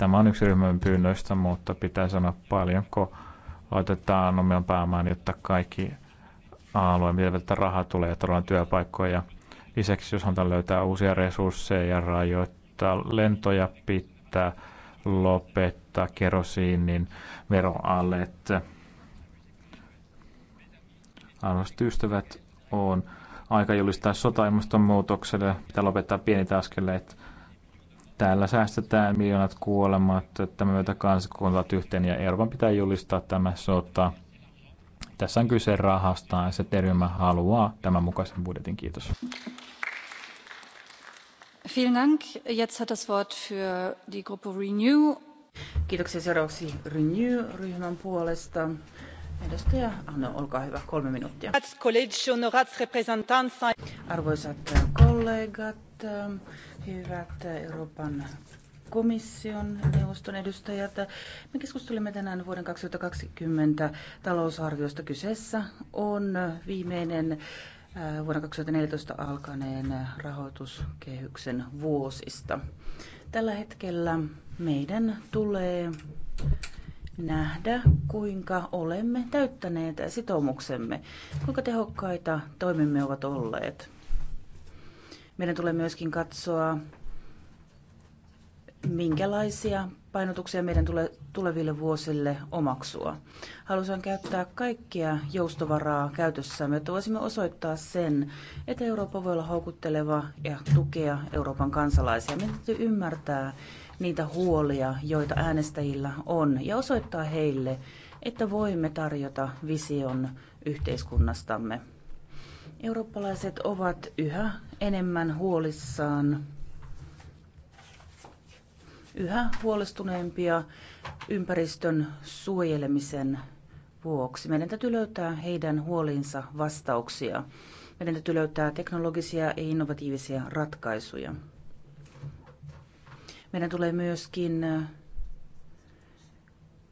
Tämä on yksi ryhmän pyynnöistä, mutta pitää sanoa paljonko laitetaan omien pääomaan, jotta kaikki alueen vilveltä rahaa tulee ja todella työpaikkoja. Lisäksi jos halutaan löytää uusia resursseja ja rajoittaa lentoja, pitää lopettaa kerosiinin veroalet. Arvoisat ystävät, on aika julistaa sota ilmastonmuutokselle. Pitää lopettaa pienet askeleet Täällä säästetään miljoonat kuolemat, me myötä kansakuntat yhteen ja Euroopan pitää julistaa tämä sota. Tässä on kyse rahasta ja se terjymä haluaa tämän mukaisen budjetin. Kiitos. Vielen Dank. Jetzt hat das Wort für die Gruppe Renew. Kiitoksia seuraavaksi Renew-ryhmän puolesta. Edustaja Anno, olkaa hyvä, kolme minuuttia. Arvoisat äh, kollegat, äh, hyvät äh, Euroopan komission neuvoston edustajat. Me keskustelemme tänään vuoden 2020 talousarviosta. Kyseessä on viimeinen vuonna 2014 alkaneen rahoituskehyksen vuosista. Tällä hetkellä meidän tulee nähdä, kuinka olemme täyttäneet sitoumuksemme, kuinka tehokkaita toimimme ovat olleet. Meidän tulee myöskin katsoa, minkälaisia painotuksia meidän tulee tuleville vuosille omaksua. Haluaisin käyttää kaikkia joustovaraa käytössämme, että voisimme osoittaa sen, että Eurooppa voi olla houkutteleva ja tukea Euroopan kansalaisia. Meidän täytyy ymmärtää, niitä huolia, joita äänestäjillä on, ja osoittaa heille, että voimme tarjota vision yhteiskunnastamme. Eurooppalaiset ovat yhä enemmän huolissaan, yhä huolestuneempia ympäristön suojelemisen vuoksi. Meidän täytyy löytää heidän huolinsa vastauksia. Meidän täytyy löytää teknologisia ja innovatiivisia ratkaisuja. Meidän tulee myöskin äh,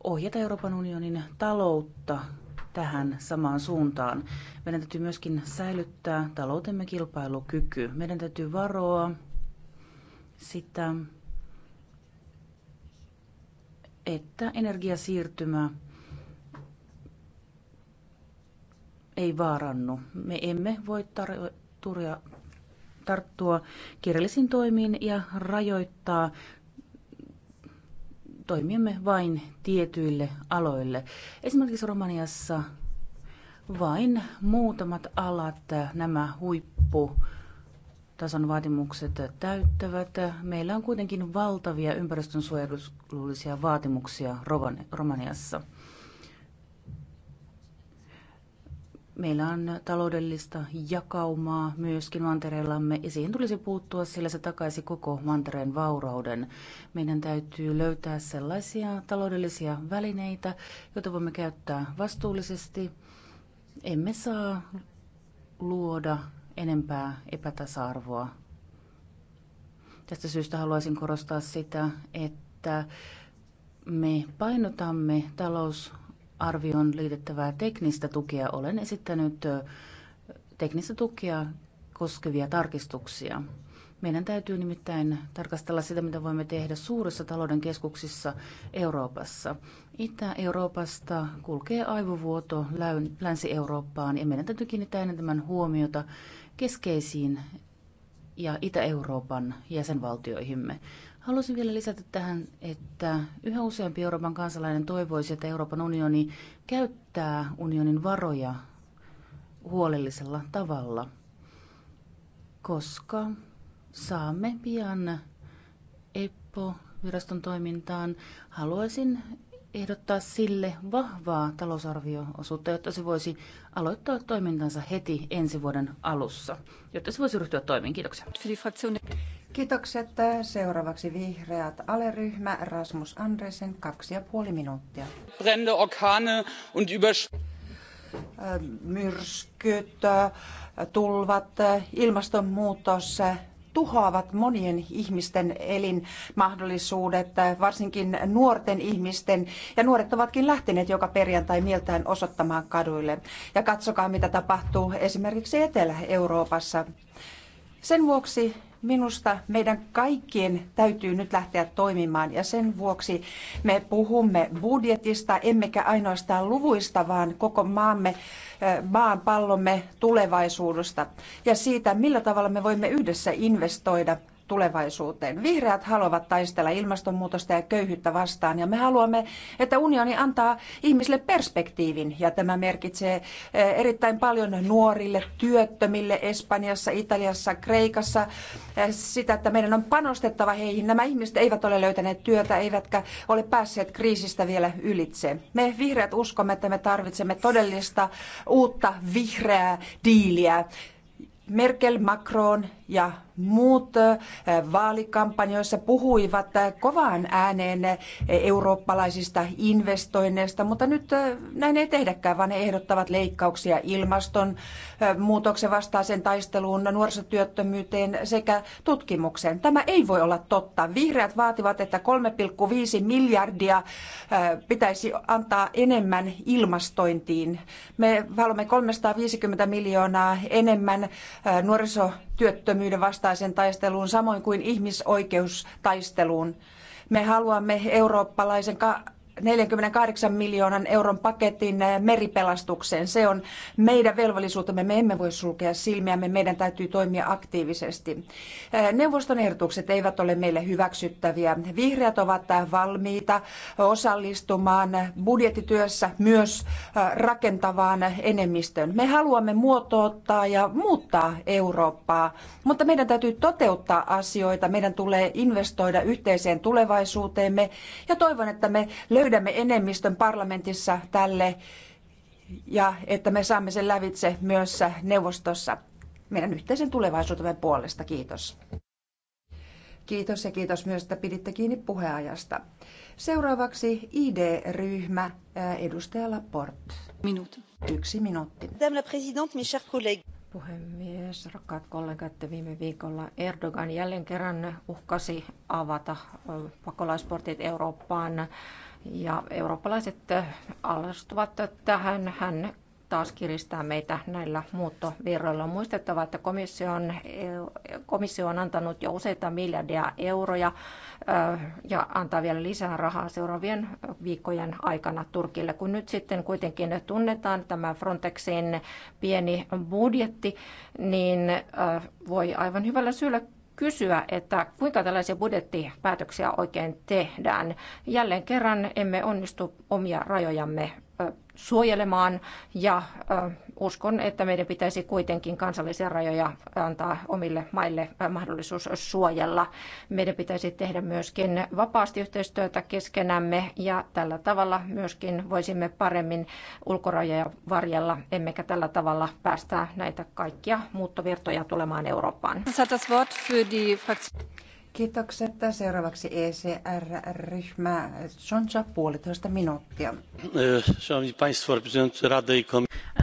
ohjata Euroopan unionin taloutta tähän samaan suuntaan. Meidän täytyy myöskin säilyttää taloutemme kilpailukyky. Meidän täytyy varoa sitä, että energiasiirtymä ei vaarannu. Me emme voi tarjota tarttua kirjallisiin toimiin ja rajoittaa toimimme vain tietyille aloille. Esimerkiksi Romaniassa vain muutamat alat nämä huippu tason vaatimukset täyttävät. Meillä on kuitenkin valtavia ympäristönsuojelullisia vaatimuksia Romaniassa. Meillä on taloudellista jakaumaa myöskin mantereillamme ja siihen tulisi puuttua, sillä se takaisi koko mantereen vaurauden. Meidän täytyy löytää sellaisia taloudellisia välineitä, joita voimme käyttää vastuullisesti. Emme saa luoda enempää epätasa-arvoa. Tästä syystä haluaisin korostaa sitä, että me painotamme talous arvioon liitettävää teknistä tukea olen esittänyt teknistä tukea koskevia tarkistuksia. Meidän täytyy nimittäin tarkastella sitä, mitä voimme tehdä suurissa talouden keskuksissa Euroopassa. Itä-Euroopasta kulkee aivovuoto Länsi-Eurooppaan ja meidän täytyy kiinnittää enemmän huomiota keskeisiin ja Itä-Euroopan jäsenvaltioihimme. Haluaisin vielä lisätä tähän, että yhä useampi Euroopan kansalainen toivoisi, että Euroopan unioni käyttää unionin varoja huolellisella tavalla, koska saamme pian EPPO-viraston toimintaan. Haluaisin ehdottaa sille vahvaa talousarvioosuutta, jotta se voisi aloittaa toimintansa heti ensi vuoden alussa, jotta se voisi ryhtyä toimiin. Kiitoksia. Kiitokset. Seuraavaksi vihreät aleryhmä Rasmus Andresen, kaksi ja puoli minuuttia. Brände, orkane und übersch- äh, myrskyt, äh, tulvat, äh, ilmastonmuutos tuhoavat monien ihmisten elinmahdollisuudet, varsinkin nuorten ihmisten. Ja nuoret ovatkin lähteneet joka perjantai mieltään osoittamaan kaduille. Ja katsokaa, mitä tapahtuu esimerkiksi Etelä-Euroopassa. Sen vuoksi minusta meidän kaikkien täytyy nyt lähteä toimimaan ja sen vuoksi me puhumme budjetista, emmekä ainoastaan luvuista, vaan koko maamme, maan pallomme tulevaisuudesta ja siitä, millä tavalla me voimme yhdessä investoida tulevaisuuteen. Vihreät haluavat taistella ilmastonmuutosta ja köyhyyttä vastaan ja me haluamme, että unioni antaa ihmisille perspektiivin ja tämä merkitsee eh, erittäin paljon nuorille, työttömille Espanjassa, Italiassa, Kreikassa eh, sitä, että meidän on panostettava heihin. Nämä ihmiset eivät ole löytäneet työtä eivätkä ole päässeet kriisistä vielä ylitse. Me vihreät uskomme, että me tarvitsemme todellista uutta vihreää diiliä. Merkel, Macron ja muut eh, vaalikampanjoissa puhuivat eh, kovaan ääneen eh, eurooppalaisista investoinneista, mutta nyt näin ei tehdäkään, vaan ne ehdottavat leikkauksia muutoksen vastaiseen taisteluun, nuorisotyöttömyyteen sekä tutkimukseen. Tämä ei voi olla totta. Vihreät vaativat, että 3,5 miljardia pitäisi antaa enemmän ilmastointiin. Me haluamme 350 miljoonaa enemmän nuoriso työttömyyden vastaiseen taisteluun samoin kuin ihmisoikeustaisteluun. Me haluamme eurooppalaisen 48 miljoonan euron paketin eh, meripelastukseen. Se on meidän velvollisuutemme. Me emme voi sulkea silmiämme. Meidän täytyy toimia aktiivisesti. Eh, neuvoston ehdotukset eivät ole meille hyväksyttäviä. Vihreät ovat valmiita osallistumaan budjettityössä myös eh, rakentavaan enemmistön. Me haluamme muotouttaa ja muuttaa Eurooppaa, mutta meidän täytyy toteuttaa asioita. Meidän tulee investoida yhteiseen tulevaisuuteemme ja toivon, että me löydämme löydämme enemmistön parlamentissa tälle ja että me saamme sen lävitse myös neuvostossa meidän yhteisen tulevaisuutemme puolesta. Kiitos. Kiitos ja kiitos myös, että piditte kiinni puheajasta. Seuraavaksi ID-ryhmä, edustaja Laporte. Minuutti. Yksi minuutti. Madame la présidente, mes chers collègues. Puhemies, rakkaat kollegat, viime viikolla Erdogan jälleen kerran uhkasi avata pakolaisportit Eurooppaan ja eurooppalaiset äh, alastuvat tähän. Hän taas kiristää meitä näillä muuttovirroilla. On muistettava, että komissio on, komissio on antanut jo useita miljardia euroja äh, ja antaa vielä lisää rahaa seuraavien viikkojen aikana Turkille. Kun nyt sitten kuitenkin tunnetaan tämä Frontexin pieni budjetti, niin äh, voi aivan hyvällä syyllä kysyä, että kuinka tällaisia budjettipäätöksiä oikein tehdään. Jälleen kerran emme onnistu omia rajojamme suojelemaan ja uskon, että meidän pitäisi kuitenkin kansallisia rajoja antaa omille maille mahdollisuus suojella. Meidän pitäisi tehdä myöskin vapaasti yhteistyötä keskenämme ja tällä tavalla myöskin voisimme paremmin ulkorajoja varjella, emmekä tällä tavalla päästää näitä kaikkia muuttovirtoja tulemaan Eurooppaan. Kiitokset. Seuraavaksi ECR-ryhmä Sonsa puolitoista minuuttia.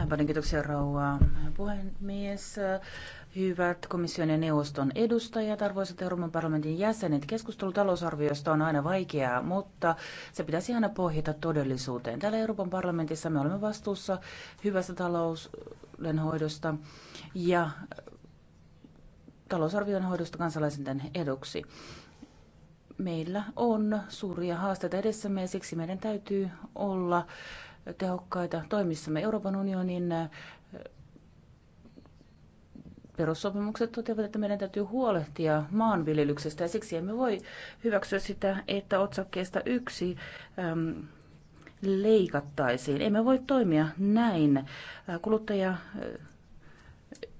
Paljon kiitoksia rouva puhemies. Hyvät komission ja neuvoston edustajat, arvoisat Euroopan parlamentin jäsenet, keskustelu talousarviosta on aina vaikeaa, mutta se pitäisi aina pohjata todellisuuteen. Täällä Euroopan parlamentissa me olemme vastuussa hyvästä taloudenhoidosta ja talousarvion hoidosta kansalaisten eduksi. Meillä on suuria haasteita edessämme ja siksi meidän täytyy olla tehokkaita toimissamme. Euroopan unionin äh, perussopimukset toteavat, että meidän täytyy huolehtia maanviljelyksestä ja siksi emme voi hyväksyä sitä, että otsakkeesta yksi äm, leikattaisiin. Emme voi toimia näin. Äh, kuluttaja äh,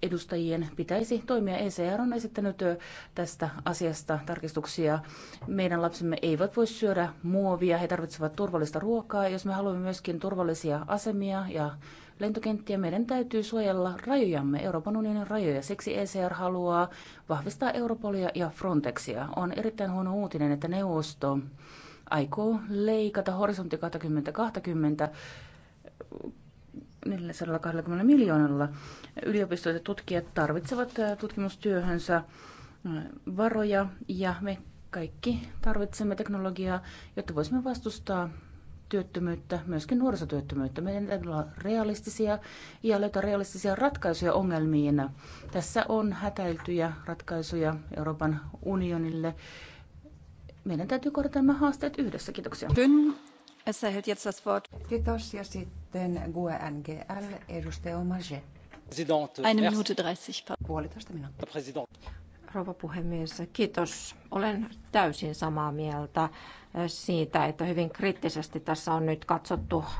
edustajien pitäisi toimia. ECR on esittänyt tästä asiasta tarkistuksia. Meidän lapsemme eivät voi syödä muovia, he tarvitsevat turvallista ruokaa. Jos me haluamme myöskin turvallisia asemia ja lentokenttiä, meidän täytyy suojella rajojamme, Euroopan unionin rajoja. Siksi ECR haluaa vahvistaa Europolia ja Frontexia. On erittäin huono uutinen, että neuvosto aikoo leikata horisontti 2020 420 miljoonalla. Yliopistot ja tutkijat tarvitsevat äh, tutkimustyöhönsä äh, varoja ja me kaikki tarvitsemme teknologiaa, jotta voisimme vastustaa työttömyyttä, myöskin nuorisotyöttömyyttä. Meidän täytyy olla realistisia ja löytää realistisia ratkaisuja ongelmiin. Tässä on hätäiltyjä ratkaisuja Euroopan unionille. Meidän täytyy korjata nämä haasteet yhdessä. Kiitoksia. Kiitos ja sitten sitten Rouva puhemies, kiitos. Olen täysin samaa mieltä eh, siitä, että hyvin kriittisesti tässä on nyt katsottu eh,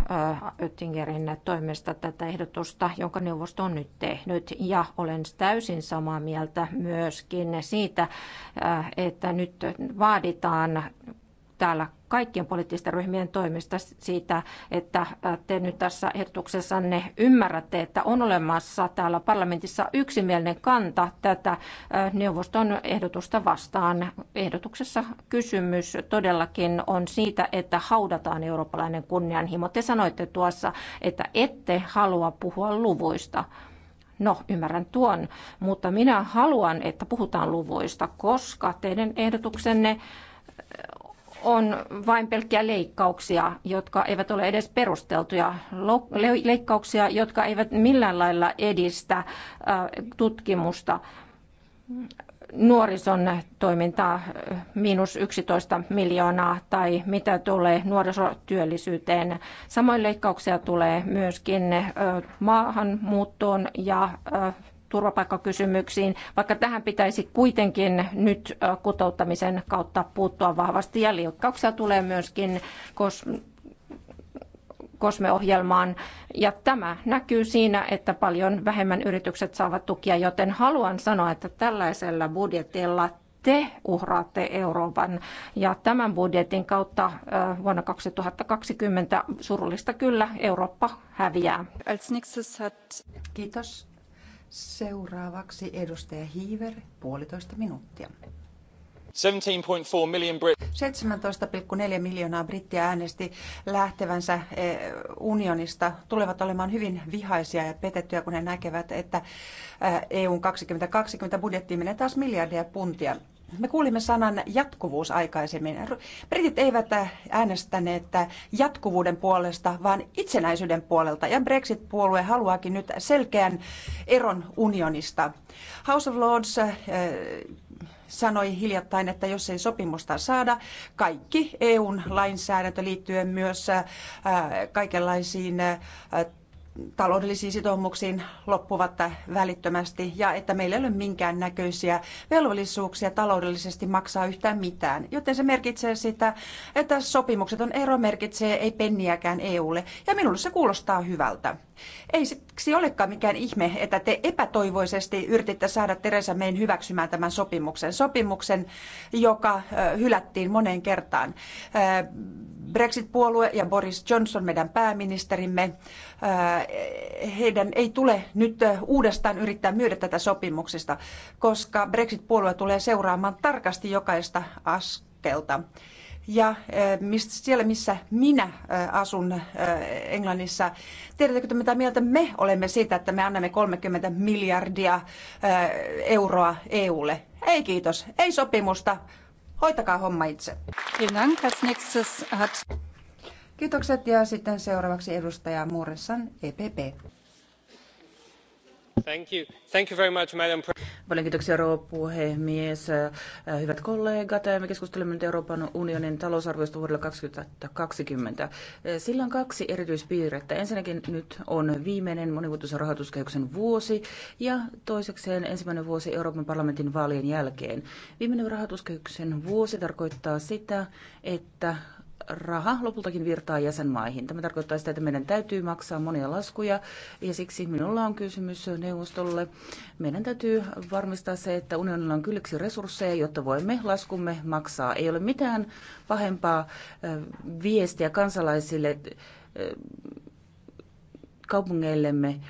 Oettingerin toimesta tätä ehdotusta, jonka neuvosto on nyt tehnyt. Ja olen täysin samaa mieltä myöskin siitä, eh, että nyt vaaditaan täällä kaikkien poliittisten ryhmien toimesta siitä, että te nyt tässä ehdotuksessanne ymmärrätte, että on olemassa täällä parlamentissa yksimielinen kanta tätä neuvoston ehdotusta vastaan. Ehdotuksessa kysymys todellakin on siitä, että haudataan eurooppalainen kunnianhimo. Te sanoitte tuossa, että ette halua puhua luvuista. No, ymmärrän tuon, mutta minä haluan, että puhutaan luvuista, koska teidän ehdotuksenne on vain pelkkiä leikkauksia, jotka eivät ole edes perusteltuja, leikkauksia, jotka eivät millään lailla edistä tutkimusta nuorison toimintaa miinus 11 miljoonaa tai mitä tulee nuorisotyöllisyyteen. Samoin leikkauksia tulee myöskin maahanmuuttoon ja turvapaikkakysymyksiin, vaikka tähän pitäisi kuitenkin nyt kutouttamisen kautta puuttua vahvasti. Ja liukkauksia tulee myöskin kos- kosmeohjelmaan. Ja tämä näkyy siinä, että paljon vähemmän yritykset saavat tukia, joten haluan sanoa, että tällaisella budjetilla te uhraatte Euroopan. Ja tämän budjetin kautta vuonna 2020 surullista kyllä Eurooppa häviää. Kiitos. Seuraavaksi edustaja Hiiver, puolitoista minuuttia. 17,4 miljoonaa brittiä äänesti lähtevänsä eh, unionista. Tulevat olemaan hyvin vihaisia ja petettyjä, kun he näkevät, että EUn eh, e 2020 budjettiin menee taas miljardeja puntia. Me kuulimme sanan jatkuvuus aikaisemmin. Britit eivät äänestäneet jatkuvuuden puolesta, vaan itsenäisyyden puolelta. Ja Brexit-puolue haluaakin nyt selkeän eron unionista. House of Lords äh, sanoi hiljattain, että jos ei sopimusta saada, kaikki EUn lainsäädäntö liittyen myös äh, kaikenlaisiin äh, taloudellisiin sitoumuksiin loppuvat välittömästi ja että meillä ei ole minkään näköisiä velvollisuuksia taloudellisesti maksaa yhtään mitään. Joten se merkitsee sitä, että sopimukseton ero merkitsee ei penniäkään EUlle ja minulle se kuulostaa hyvältä. Ei siksi olekaan mikään ihme, että te epätoivoisesti yrititte saada Teresa Mayn hyväksymään tämän sopimuksen. Sopimuksen, joka hylättiin moneen kertaan. Brexit-puolue ja Boris Johnson, meidän pääministerimme, heidän ei tule nyt uudestaan yrittää myydä tätä sopimuksesta, koska Brexit-puolue tulee seuraamaan tarkasti jokaista askelta. Ja siellä, missä minä asun Englannissa, tiedättekö mitä mieltä me olemme siitä, että me annamme 30 miljardia euroa EUlle? Ei kiitos, ei sopimusta. Hoitakaa homma itse. Kiitokset ja sitten seuraavaksi edustaja Muressan EPP. Thank you. Thank you very much, Madam Paljon kiitoksia, rouva puhemies. Äh, hyvät kollegat, äh, me keskustelemme nyt Euroopan unionin talousarviosta vuodelle 2020. Äh, sillä on kaksi erityispiirrettä. Ensinnäkin nyt on viimeinen monivuotisen rahoituskehyksen vuosi ja toisekseen ensimmäinen vuosi Euroopan parlamentin vaalien jälkeen. Viimeinen rahoituskehyksen vuosi tarkoittaa sitä, että raha lopultakin virtaa jäsenmaihin. Tämä tarkoittaa sitä, että meidän täytyy maksaa monia laskuja ja siksi minulla on kysymys neuvostolle. Meidän täytyy varmistaa se, että unionilla on kylliksi resursseja, jotta voimme laskumme maksaa. Ei ole mitään pahempaa viestiä kansalaisille kaupungeillemme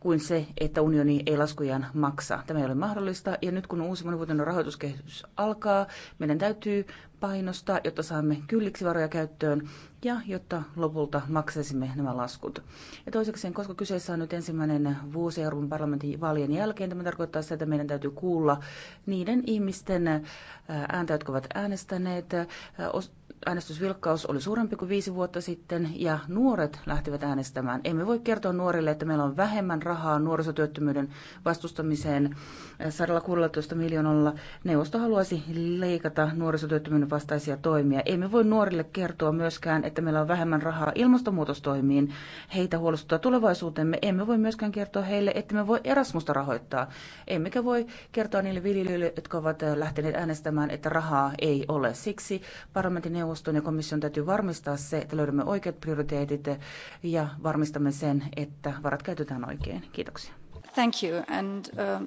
kuin se, että unioni ei laskujaan maksa. Tämä ei ole mahdollista, ja nyt kun uusi monivuotinen rahoituskehitys alkaa, meidän täytyy painostaa, jotta saamme kylliksi varoja käyttöön ja jotta lopulta maksaisimme nämä laskut. Ja toiseksi, koska kyseessä on nyt ensimmäinen vuosi Euroopan parlamentin vaalien jälkeen, tämä tarkoittaa sitä, että meidän täytyy kuulla niiden ihmisten ääntä, jotka ovat äänestäneet, äänestysvilkkaus oli suurempi kuin viisi vuotta sitten ja nuoret lähtivät äänestämään. Emme voi kertoa nuorille, että meillä on vähemmän rahaa nuorisotyöttömyyden vastustamiseen 116 miljoonalla. Neuvosto haluaisi leikata nuorisotyöttömyyden vastaisia toimia. Emme voi nuorille kertoa myöskään, että meillä on vähemmän rahaa ilmastonmuutostoimiin. Heitä huolestuttaa tulevaisuutemme. Emme voi myöskään kertoa heille, että me voi Erasmusta rahoittaa. Emmekä voi kertoa niille viljelijöille, jotka ovat lähteneet äänestämään, että rahaa ei ole. Siksi parlamentin neuvosto neuvoston ja komission täytyy varmistaa se, että löydämme oikeat prioriteetit ja varmistamme sen, että varat käytetään oikein. Kiitoksia. Thank you. And,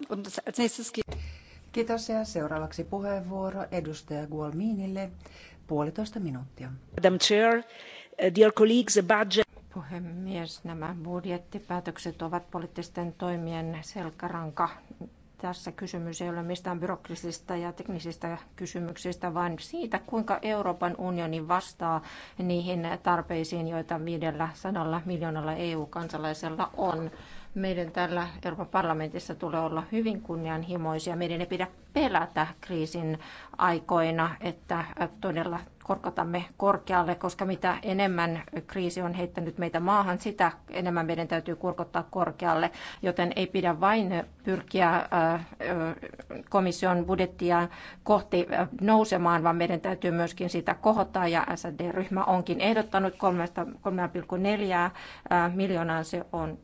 uh, Kiitos ja seuraavaksi puheenvuoro edustaja Guolminille puolitoista minuuttia. Madam Chair, uh, dear colleagues, the budget... Puhemies, nämä budjettipäätökset ovat poliittisten toimien selkäranka tässä kysymys ei ole mistään byrokratisista ja teknisistä kysymyksistä, vaan siitä, kuinka Euroopan unioni vastaa niihin tarpeisiin, joita 500 miljoonalla EU-kansalaisella on. Meidän täällä Euroopan parlamentissa tulee olla hyvin kunnianhimoisia. Meidän ei pidä pelätä kriisin aikoina, että todella korkotamme korkealle, koska mitä enemmän kriisi on heittänyt meitä maahan, sitä enemmän meidän täytyy korkottaa korkealle, joten ei pidä vain pyrkiä äh, äh, komission budjettia kohti äh, nousemaan, vaan meidän täytyy myöskin sitä kohottaa, ja SD-ryhmä onkin ehdottanut 3,4 miljoonaa, se on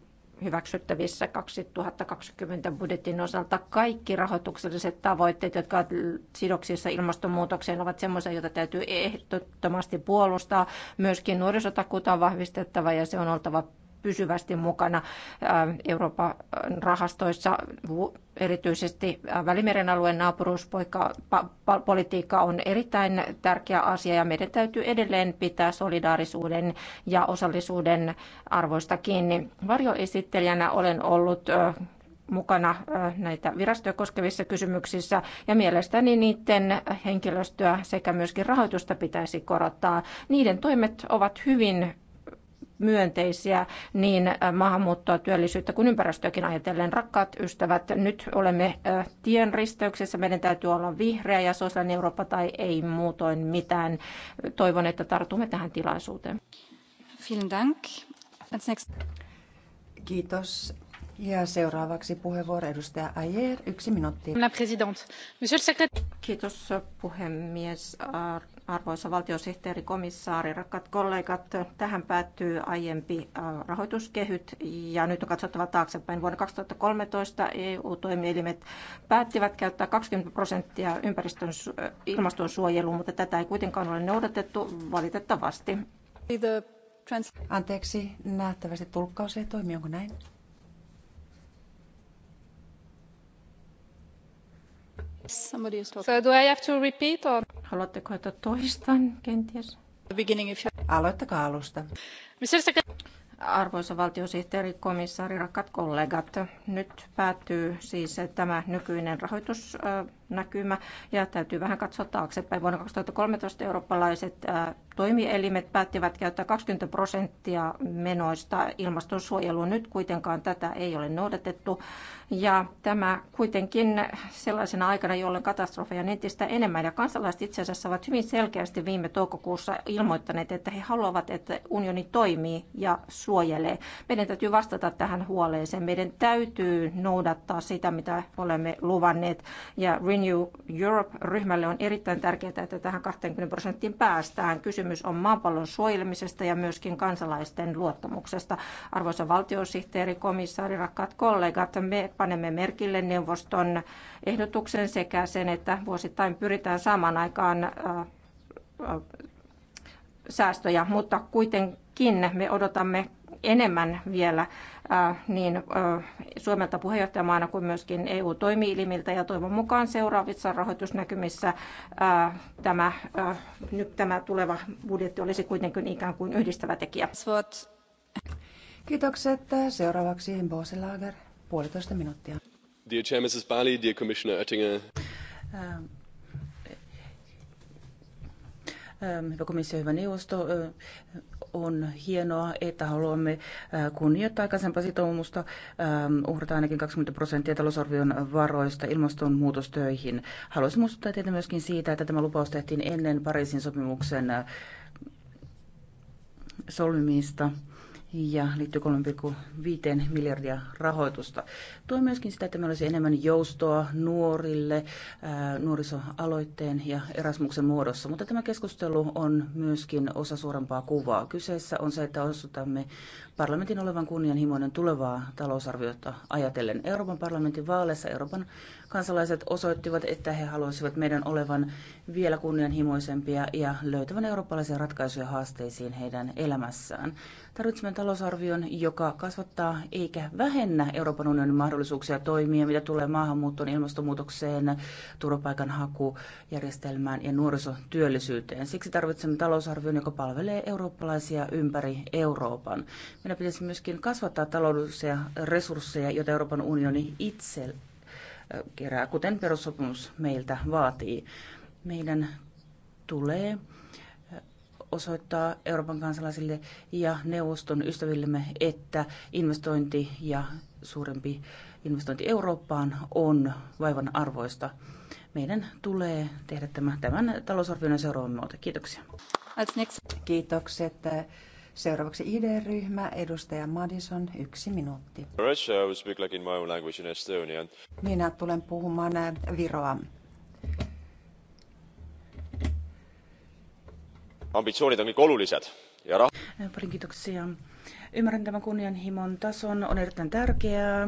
hyväksyttävissä 2020 budjetin osalta. Kaikki rahoitukselliset tavoitteet, jotka ovat sidoksissa ilmastonmuutokseen, ovat sellaisia, joita täytyy ehdottomasti puolustaa. Myöskin nuorisotakuuta on vahvistettava ja se on oltava pysyvästi mukana äh, Euroopan rahastoissa erityisesti äh, Välimeren alueen naapuruuspolitiikka on erittäin tärkeä asia ja meidän täytyy edelleen pitää solidaarisuuden ja osallisuuden arvoista kiinni. Varjoesittelijänä olen ollut äh, mukana näitä virastoja koskevissa kysymyksissä ja mielestäni niiden henkilöstöä sekä myöskin rahoitusta pitäisi korottaa. Niiden toimet ovat hyvin myönteisiä niin äh, maahanmuuttoa, työllisyyttä kuin ympäristöäkin ajatellen. Rakkaat ystävät, nyt olemme äh, tien risteyksessä. Meidän täytyy olla vihreä ja sosiaalinen Eurooppa tai ei muutoin mitään. Toivon, että tartumme tähän tilaisuuteen. Vielen Dank. Kiitos. Ja seuraavaksi puheenvuoro edustaja Ayer, yksi minuutti. Kiitos puhemies arvoisa valtiosihteeri, komissaari, rakkaat kollegat. Tähän päättyy aiempi äh, rahoituskehyt ja nyt on katsottava taaksepäin. Vuonna 2013 EU-toimielimet päättivät käyttää 20 prosenttia ympäristön äh, ilmaston suojeluun, mutta tätä ei kuitenkaan ole noudatettu valitettavasti. Anteeksi, nähtävästi tulkkaus ei toimi, onko näin? So do I have to repeat or... Haluatteko, että toistan kenties? Aloittakaa alusta. Arvoisa valtiosihteeri, komissaari, rakkaat kollegat, nyt päättyy siis tämä nykyinen rahoitus näkymä ja täytyy vähän katsoa taaksepäin. Vuonna 2013 eurooppalaiset toimielimet päättivät käyttää 20 prosenttia menoista ilmastonsuojeluun. Nyt kuitenkaan tätä ei ole noudatettu ja tämä kuitenkin sellaisena aikana, jolloin katastrofeja on entistä enemmän ja kansalaiset itse asiassa ovat hyvin selkeästi viime toukokuussa ilmoittaneet, että he haluavat, että unioni toimii ja suojelee. Meidän täytyy vastata tähän huoleeseen. Meidän täytyy noudattaa sitä, mitä olemme luvanneet ja Renew Europe-ryhmälle on erittäin tärkeää, että tähän 20 prosenttiin päästään. Kysymys on maapallon suojelemisesta ja myöskin kansalaisten luottamuksesta. Arvoisa valtiosihteeri, komissaari, rakkaat kollegat, me panemme merkille neuvoston ehdotuksen sekä sen, että vuosittain pyritään saamaan aikaan äh, äh, säästöjä, mutta kuitenkin me odotamme enemmän vielä äh, niin äh, Suomelta puheenjohtajamaana kuin myöskin EU-toimielimiltä ja toivon mukaan seuraavissa rahoitusnäkymissä äh, tämä, nyt tämä tuleva budjetti olisi kuitenkin ikään kuin yhdistävä tekijä. Kiitokset. Seuraavaksi Boselager, puolitoista minuuttia. Dear Chair, Mrs. Bali, dear Commissioner Oettinger. Ähm, Ähm, hyvä komissio, hyvä neuvosto, on hienoa, että haluamme kunnioittaa aikaisempaa sitoumusta, ähm, uhrata ainakin 20 prosenttia talousarvion varoista ilmastonmuutostöihin. Haluaisin muistuttaa teitä myöskin siitä, että tämä lupaus tehtiin ennen Pariisin sopimuksen äh, solmimista ja liittyy 3,5 miljardia rahoitusta. Tuo myöskin sitä, että meillä olisi enemmän joustoa nuorille nuorisoaloitteen ja Erasmuksen muodossa, mutta tämä keskustelu on myöskin osa suurempaa kuvaa. Kyseessä on se, että osoitamme parlamentin olevan kunnianhimoinen tulevaa talousarviota ajatellen Euroopan parlamentin vaaleissa Euroopan kansalaiset osoittivat, että he haluaisivat meidän olevan vielä kunnianhimoisempia ja löytävän eurooppalaisia ratkaisuja haasteisiin heidän elämässään. Tarvitsemme talousarvion, joka kasvattaa eikä vähennä Euroopan unionin mahdollisuuksia toimia, mitä tulee maahanmuuttoon, ilmastonmuutokseen, turvapaikanhakujärjestelmään ja nuorisotyöllisyyteen. Siksi tarvitsemme talousarvion, joka palvelee eurooppalaisia ympäri Euroopan. Meidän pitäisi myöskin kasvattaa taloudellisia resursseja, joita Euroopan unioni itse kerää, kuten perussopimus meiltä vaatii. Meidän tulee osoittaa Euroopan kansalaisille ja neuvoston ystävillemme, että investointi ja suurempi investointi Eurooppaan on vaivan arvoista. Meidän tulee tehdä tämä tämän talousarvion seuraavan muoto. Kiitoksia. Kiitokset. Seuraavaksi ID-ryhmä, edustaja Madison, yksi minuutti. Minä tulen puhumaan Viroa. Ambitsioonit on olulised. Ja rah- Paljon kiitoksia. Ymmärrän tämän kunnianhimon tason. On erittäin tärkeää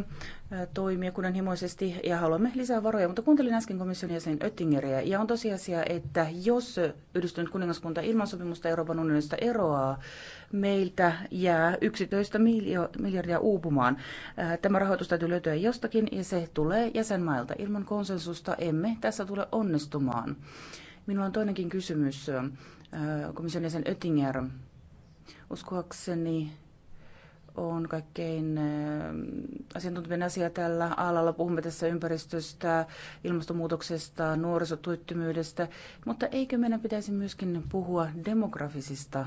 toimia kunnianhimoisesti ja haluamme lisää varoja, mutta kuuntelin äsken komission jäsen Oettingeriä ja on tosiasia, että jos yhdistynyt kuningaskunta ilman sopimusta Euroopan unionista eroaa, meiltä jää 11 miljardia uupumaan. Tämä rahoitus täytyy löytyä jostakin ja se tulee jäsenmailta. Ilman konsensusta emme tässä tule onnistumaan. Minulla on toinenkin kysymys. Komission jäsen Oettinger, uskoakseni on kaikkein eh, asiantuntevin asia tällä alalla. Puhumme tässä ympäristöstä, ilmastonmuutoksesta, nuorisotyöttömyydestä, mutta eikö meidän pitäisi myöskin puhua demografisista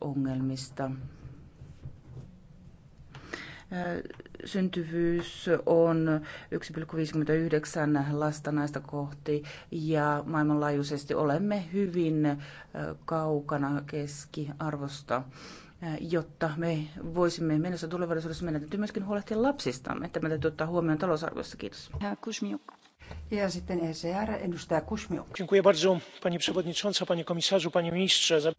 ongelmista? Eh, syntyvyys on 1,59 lasta naista kohti ja maailmanlaajuisesti olemme hyvin eh, kaukana keskiarvosta. Äh, jotta me voisimme menossa tulevaisuudessa, meidän täytyy myöskin huolehtia lapsistamme. me täytyy ottaa huomioon talousarviossa. Kiitos. Ja sitten ECR, edustaja Kusmiuk. Dziękuję bardzo, pani przewodnicząca, panie komisarzu, panie ministrze.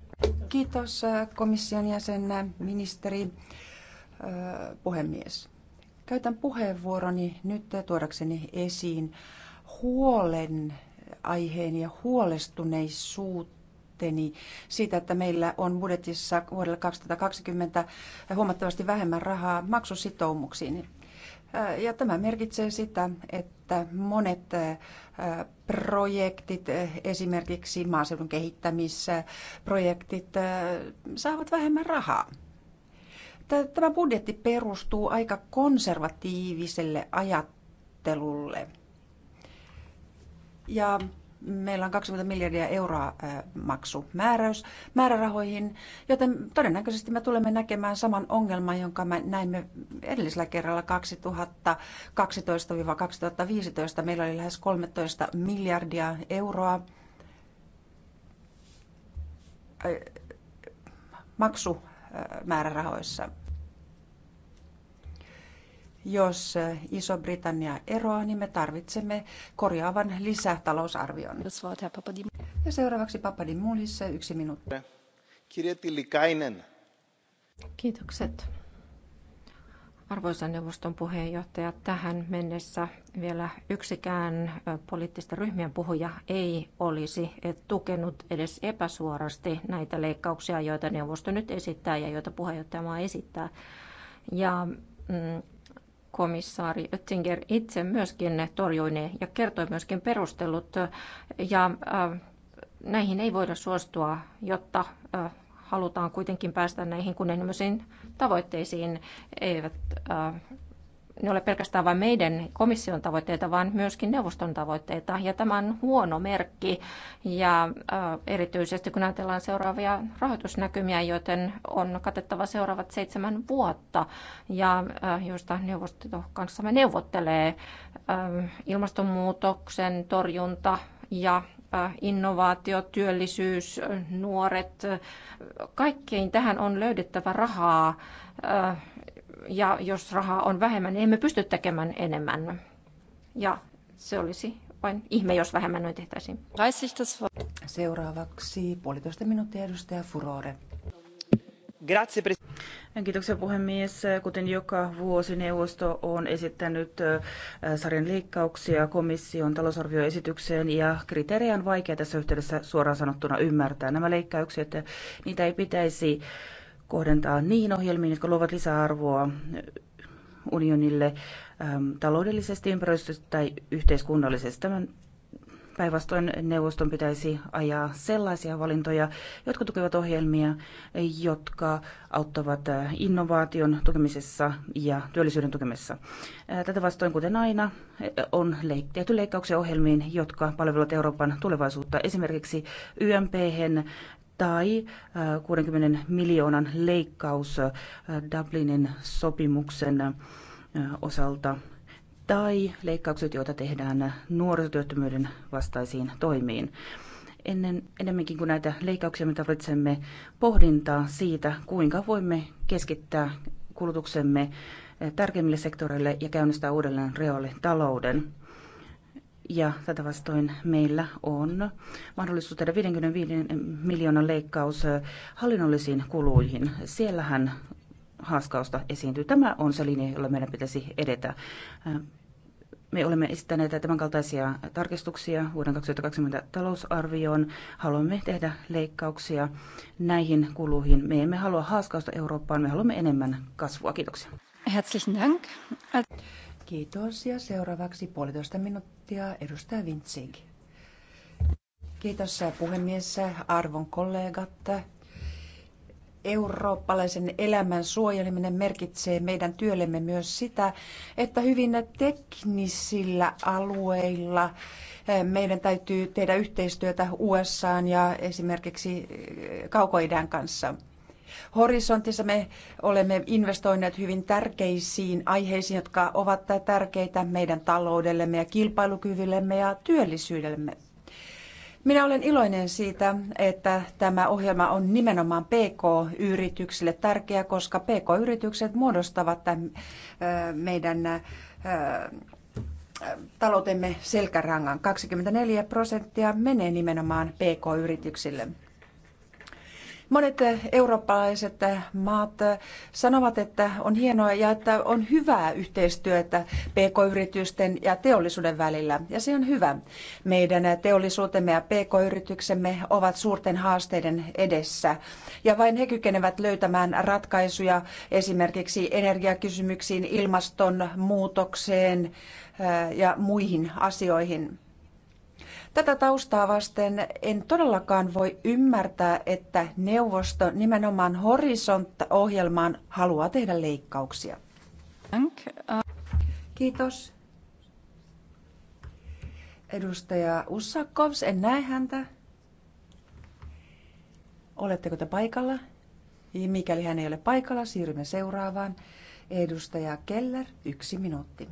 Kiitos e, komission jäsen, ministeri, e, puhemies. Käytän puheenvuoroni nyt tuodakseni esiin huolen aiheen ja huolestuneisuutta Teni, siitä, että meillä on budjetissa vuodelle 2020 huomattavasti vähemmän rahaa maksusitoumuksiin. Ja tämä merkitsee sitä, että monet projektit, esimerkiksi maaseudun kehittämisprojektit, saavat vähemmän rahaa. Tämä budjetti perustuu aika konservatiiviselle ajattelulle. Ja meillä on 20 miljardia euroa maksumääräys määrärahoihin, joten todennäköisesti me tulemme näkemään saman ongelman, jonka me näimme edellisellä kerralla 2012-2015. Meillä oli lähes 13 miljardia euroa maksumäärärahoissa. Jos eh, Iso-Britannia eroaa, niin me tarvitsemme korjaavan lisätalousarvion. Ja seuraavaksi Papadimulis, eh, yksi minuutti. Kirja Kiitokset. Arvoisa neuvoston puheenjohtaja, tähän mennessä vielä yksikään eh, poliittisten ryhmien puhuja ei olisi tukenut edes epäsuorasti näitä leikkauksia, joita neuvosto nyt esittää ja joita puheenjohtajamaa esittää. Ja mm, komissaari Oettinger itse myöskin torjui ja kertoi myöskin perustelut. Ja äh, näihin ei voida suostua, jotta äh, halutaan kuitenkin päästä näihin kunnianhimoisiin tavoitteisiin, eivät äh, ne ole pelkästään vain meidän komission tavoitteita, vaan myöskin neuvoston tavoitteita. Ja tämä on huono merkki, ja erityisesti kun ajatellaan seuraavia rahoitusnäkymiä, joten on katettava seuraavat seitsemän vuotta, ja joista neuvosto kanssa, me neuvottelee ilmastonmuutoksen torjunta ja innovaatio, työllisyys, nuoret. Kaikkein tähän on löydettävä rahaa ja jos rahaa on vähemmän, niin emme pysty tekemään enemmän. Ja se olisi vain ihme, jos vähemmän noin tehtäisiin. Seuraavaksi puolitoista minuuttia edustaja Furore. Kiitoksia puhemies. Kuten joka vuosi neuvosto on esittänyt sarjan leikkauksia komission talousarvioesitykseen ja kriteerejä on vaikea tässä yhteydessä suoraan sanottuna ymmärtää. Nämä leikkaukset, niitä ei pitäisi äh, kohdentaa niihin ohjelmiin, jotka luovat lisäarvoa unionille äm, taloudellisesti, ympäristöstä tai yhteiskunnallisesti. Tämän päinvastoin neuvoston pitäisi ajaa sellaisia valintoja, jotka tukevat ohjelmia, jotka auttavat äh, innovaation tukemisessa ja työllisyyden tukemisessa. Äh, tätä vastoin, kuten aina, äh, on tehty leikkauksia ohjelmiin, jotka palvelevat Euroopan tulevaisuutta. Esimerkiksi YMP:hen tai 60 miljoonan leikkaus Dublinin sopimuksen osalta tai leikkaukset, joita tehdään nuorisotyöttömyyden vastaisiin toimiin. Ennen, enemmänkin kuin näitä leikkauksia me tarvitsemme pohdintaa siitä, kuinka voimme keskittää kulutuksemme tärkeimmille sektoreille ja käynnistää uudelleen reaalitalouden. Ja tätä vastoin meillä on mahdollisuus tehdä 55 miljoonan leikkaus hallinnollisiin kuluihin. Siellähän haaskausta esiintyy. Tämä on se linja, jolla meidän pitäisi edetä. Me olemme esittäneet tämänkaltaisia tarkistuksia vuoden 2020 talousarvioon. Haluamme tehdä leikkauksia näihin kuluihin. Me emme halua haaskausta Eurooppaan, me haluamme enemmän kasvua. Kiitoksia. Herzlichen Dank. Kiitos ja seuraavaksi puolitoista minuuttia minuuttia. Edustaja Vintsink. Kiitos puhemies, arvon kollegat. Eurooppalaisen elämän suojeleminen merkitsee meidän työllemme myös sitä, että hyvin teknisillä alueilla eh, meidän täytyy tehdä yhteistyötä USA ja esimerkiksi eh, Kaukoidän kanssa – Horisontissa me olemme investoineet hyvin tärkeisiin aiheisiin, jotka ovat tärkeitä meidän taloudellemme ja kilpailukyvyllemme ja työllisyydellemme. Minä olen iloinen siitä, että tämä ohjelma on nimenomaan PK-yrityksille tärkeä, koska PK-yritykset muodostavat tämän, meidän taloutemme selkärangan. 24 prosenttia menee nimenomaan PK-yrityksille. Monet eurooppalaiset maat sanovat, että on hienoa ja että on hyvää yhteistyötä pk-yritysten ja teollisuuden välillä, ja se on hyvä. Meidän teollisuutemme ja pk-yrityksemme ovat suurten haasteiden edessä, ja vain he kykenevät löytämään ratkaisuja esimerkiksi energiakysymyksiin, ilmastonmuutokseen ja muihin asioihin. Tätä taustaa vasten en todellakaan voi ymmärtää, että neuvosto nimenomaan Horisont-ohjelmaan haluaa tehdä leikkauksia. Kiitos. Edustaja Ussakovs, en näe häntä. Oletteko te paikalla? Mikäli hän ei ole paikalla, siirrymme seuraavaan. Edustaja Keller, yksi minuutti.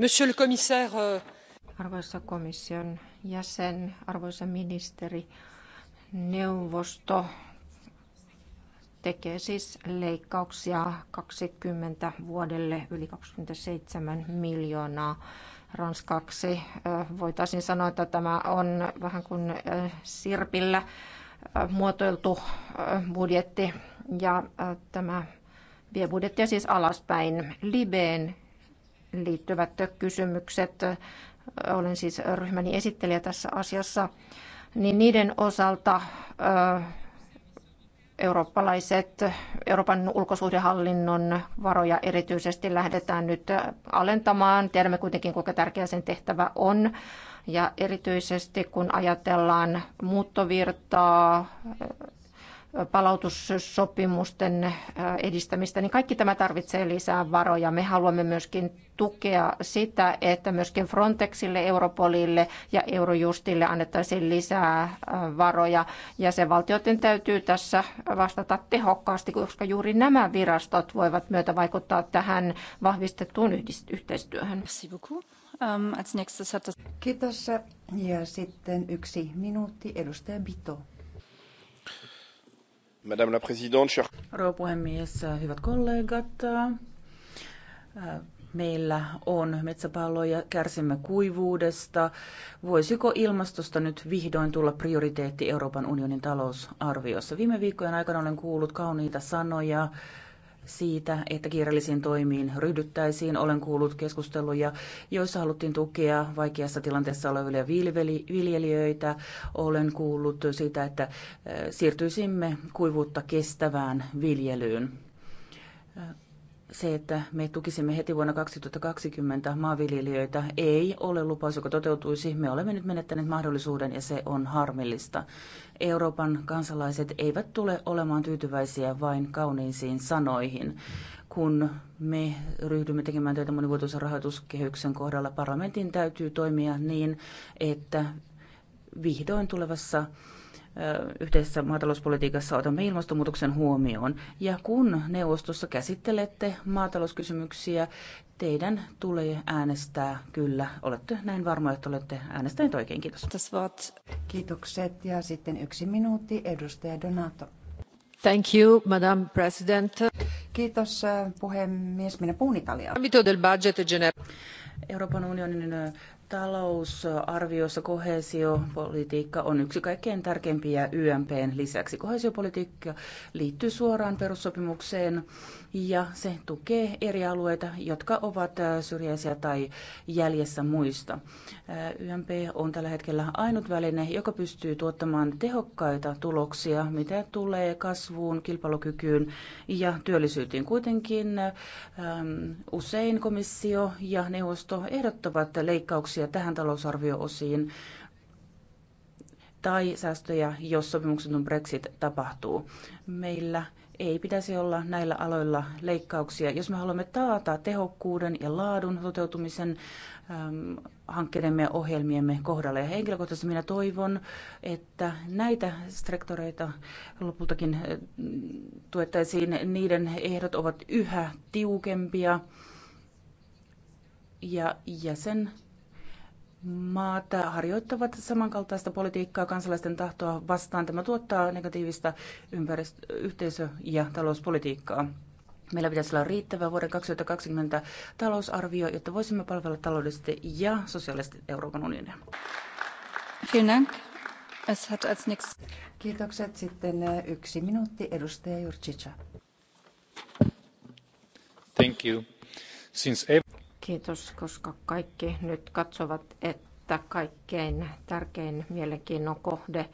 Monsieur le commissaire. Euh, arvoisa komission jäsen, arvoisa ministeri, neuvosto tekee siis leikkauksia 20 vuodelle yli 27 miljoonaa ranskaksi. Voitaisiin sanoa, että tämä on vähän kuin sirpillä muotoiltu budjetti ja tämä vie budjettia siis alaspäin. Libeen liittyvät kysymykset, olen siis ryhmäni esittelijä tässä asiassa, niin niiden osalta eurooppalaiset, Euroopan ulkosuhdehallinnon varoja erityisesti lähdetään nyt alentamaan. Tiedämme kuitenkin, kuinka tärkeä sen tehtävä on. Ja erityisesti kun ajatellaan muuttovirtaa, palautussopimusten äh, edistämistä, niin kaikki tämä tarvitsee lisää varoja. Me haluamme myöskin tukea sitä, että myöskin Frontexille, Europolille ja Eurojustille annettaisiin lisää äh, varoja. Jäsenvaltioiden täytyy tässä vastata tehokkaasti, koska juuri nämä virastot voivat myötä vaikuttaa tähän vahvistettuun yhteistyöhön. Um, Kiitos. Ja sitten yksi minuutti, edustaja Bito. Madame la Présidente, Rouva puhemies, hyvät kollegat. Meillä on metsäpalloja, kärsimme kuivuudesta. Voisiko ilmastosta nyt vihdoin tulla prioriteetti Euroopan unionin talousarviossa? Viime viikkojen aikana olen kuullut kauniita sanoja siitä, että kiireellisiin toimiin ryhdyttäisiin. Olen kuullut keskusteluja, joissa haluttiin tukea vaikeassa tilanteessa olevia viljelijöitä. Olen kuullut siitä, että äh, siirtyisimme kuivuutta kestävään viljelyyn. Äh, se, että me tukisimme heti vuonna 2020 maanviljelijöitä, ei ole lupaus, joka toteutuisi. Me olemme nyt menettäneet mahdollisuuden ja se on harmillista. Euroopan kansalaiset eivät tule olemaan tyytyväisiä vain kauniisiin sanoihin. Kun me ryhdymme tekemään töitä monivuotoisen rahoituskehyksen kohdalla, parlamentin täytyy toimia niin, että vihdoin tulevassa yhteisessä maatalouspolitiikassa otamme ilmastonmuutoksen huomioon. Ja kun neuvostossa käsittelette maatalouskysymyksiä, teidän tulee äänestää kyllä. Olette näin varmoja, että olette äänestäneet oikein. Kiitos. Kiitokset. Ja sitten yksi minuutti, edustaja Donato. Thank you, Madam President. Kiitos äh, puhemies. Minä puhun italiaa. Euroopan unionin talousarviossa kohesiopolitiikka on yksi kaikkein tärkeimpiä YMPn lisäksi. Kohesiopolitiikka liittyy suoraan perussopimukseen ja se tukee eri alueita, jotka ovat äh, syrjäisiä tai jäljessä muista. Äh, YMP on tällä hetkellä ainut väline, joka pystyy tuottamaan tehokkaita tuloksia, mitä tulee kasvuun, kilpailukykyyn ja työllisyyteen. Kuitenkin ähm, usein komissio ja neuvosto ehdottavat leikkauksia muutoksia tähän talousarvioosiin tai säästöjä, jos sopimuksetun Brexit tapahtuu. Meillä ei pitäisi olla näillä aloilla leikkauksia. Jos me haluamme taata tehokkuuden ja laadun toteutumisen ähm, hankkeidemme ja ohjelmiemme kohdalla. Ja henkilökohtaisesti minä toivon, että näitä strektoreita lopultakin äh, tuettaisiin. Niiden ehdot ovat yhä tiukempia ja jäsen maat harjoittavat samankaltaista politiikkaa kansalaisten tahtoa vastaan. Tämä tuottaa negatiivista ympäristö-, yhteisö- ja talouspolitiikkaa. Meillä pitäisi olla riittävä vuoden 2020 talousarvio, jotta voisimme palvella taloudellisesti ja sosiaalisesti Euroopan unionia. Kiitokset. Sitten eh, yksi minuutti, edustaja Jurčića. Thank you. Since Kiitos, koska kaikki nyt katsovat, että kaikkein tärkein mielenkiinnon kohde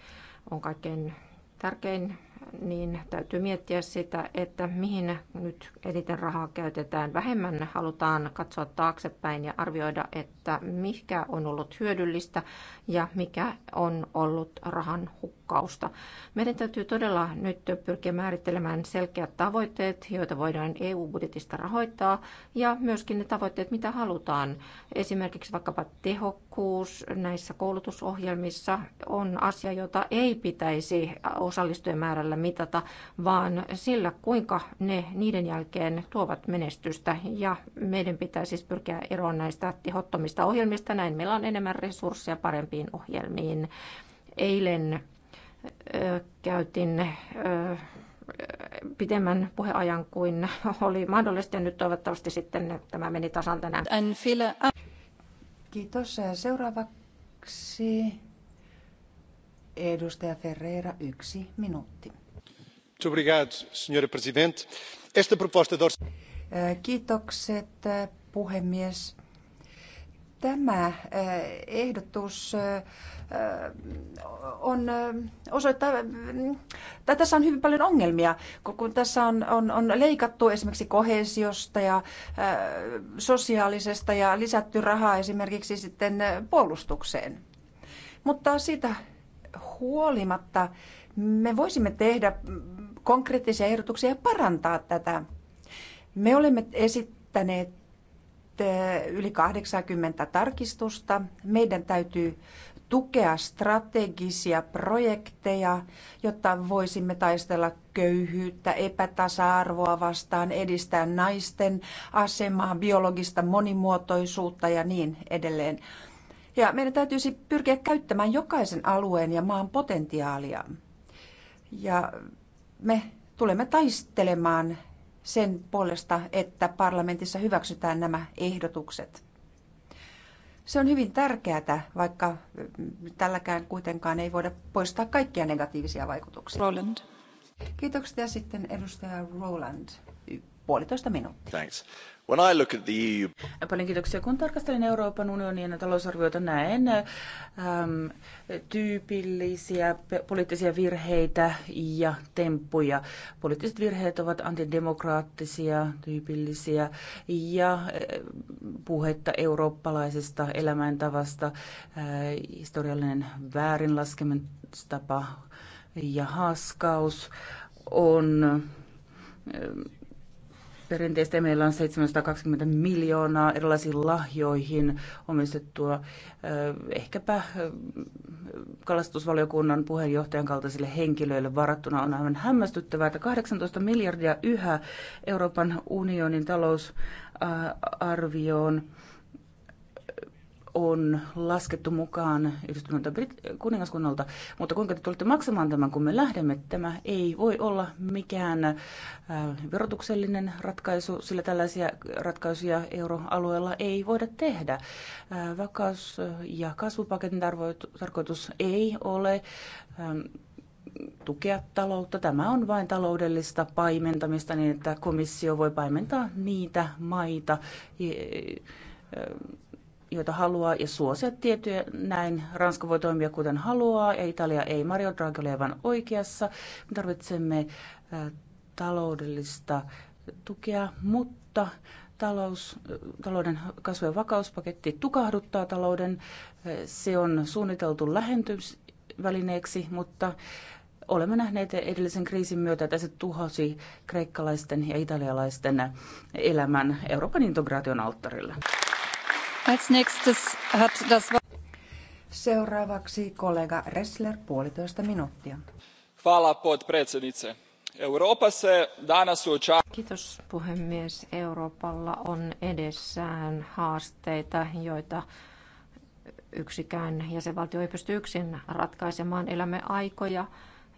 on kaikkein tärkein niin täytyy miettiä sitä, että mihin nyt eniten rahaa käytetään. Vähemmän halutaan katsoa taaksepäin ja arvioida, että mikä on ollut hyödyllistä ja mikä on ollut rahan hukkausta. Meidän täytyy todella nyt pyrkiä määrittelemään selkeät tavoitteet, joita voidaan EU-budjetista rahoittaa, ja myöskin ne tavoitteet, mitä halutaan. Esimerkiksi vaikkapa tehokkuus näissä koulutusohjelmissa on asia, jota ei pitäisi osallistujien määrällä määrällä mitata, vaan sillä, kuinka ne niiden jälkeen tuovat menestystä. Ja meidän pitää siis pyrkiä eroon näistä tihottomista ohjelmista. Näin meillä on enemmän resursseja parempiin ohjelmiin. Eilen ö, käytin ö, pitemmän puheajan kuin oli mahdollista. Ja nyt toivottavasti sitten tämä meni tasan tänään. Kiitos. Seuraavaksi Edustaja Ferreira, yksi minuutti. Kiitokset, puhemies. Tämä ehdotus on osoittaa, tai tässä on hyvin paljon ongelmia, kun tässä on, on, on leikattu esimerkiksi kohesiosta ja sosiaalisesta ja lisätty rahaa esimerkiksi sitten puolustukseen. Mutta siitä huolimatta me voisimme tehdä konkreettisia ehdotuksia ja parantaa tätä. Me olemme esittäneet eh, yli 80 tarkistusta. Meidän täytyy tukea strategisia projekteja, jotta voisimme taistella köyhyyttä, epätasa-arvoa vastaan, edistää naisten asemaa, biologista monimuotoisuutta ja niin edelleen. Ja meidän täytyisi pyrkiä käyttämään jokaisen alueen ja maan potentiaalia. Ja me tulemme taistelemaan sen puolesta, että parlamentissa hyväksytään nämä ehdotukset. Se on hyvin tärkeää, vaikka mm, tälläkään kuitenkaan ei voida poistaa kaikkia negatiivisia vaikutuksia. Roland. Kiitoksia sitten edustaja Roland. Puolitoista minuuttia. Thanks. When I look at the EU... Paljon kiitoksia. Kun tarkastelen Euroopan unionin talousarviota, näen äm, tyypillisiä poliittisia virheitä ja temppuja. Poliittiset virheet ovat antidemokraattisia, tyypillisiä ja äh, puhetta eurooppalaisesta elämäntavasta, äh, historiallinen väärinlaskemistapa ja haskaus on äh, perinteistä. Meillä on 720 miljoonaa erilaisiin lahjoihin omistettua ehkäpä kalastusvaliokunnan puheenjohtajan kaltaisille henkilöille varattuna. On aivan hämmästyttävää, että 18 miljardia yhä Euroopan unionin talousarvioon on laskettu mukaan yhdistyneeltä Brit- kuningaskunnalta, mutta kuinka te tulette maksamaan tämän, kun me lähdemme? Tämä ei voi olla mikään äh, verotuksellinen ratkaisu, sillä tällaisia ratkaisuja euroalueella ei voida tehdä. Äh, vakaus- ja kasvupaketin tarkoitus ei ole ähm, tukea taloutta. Tämä on vain taloudellista paimentamista niin, että komissio voi paimentaa niitä maita, joita haluaa ja suosia tiettyjä. Näin Ranska voi toimia kuten haluaa ja Italia ei. Mario Draghi oli aivan oikeassa. Me tarvitsemme taloudellista tukea, mutta talous, talouden kasvu- ja vakauspaketti tukahduttaa talouden. Se on suunniteltu lähentymisvälineeksi, mutta olemme nähneet edellisen kriisin myötä, että se tuhosi kreikkalaisten ja italialaisten elämän Euroopan integraation alttarilla. Seuraavaksi kollega Ressler, puolitoista minuuttia. Hvala podpredsjednice. Europa se danas suočava... Kiitos puhemies. Euroopalla on edessään haasteita, joita yksikään jäsenvaltio ei pysty yksin ratkaisemaan. Elämme aikoja,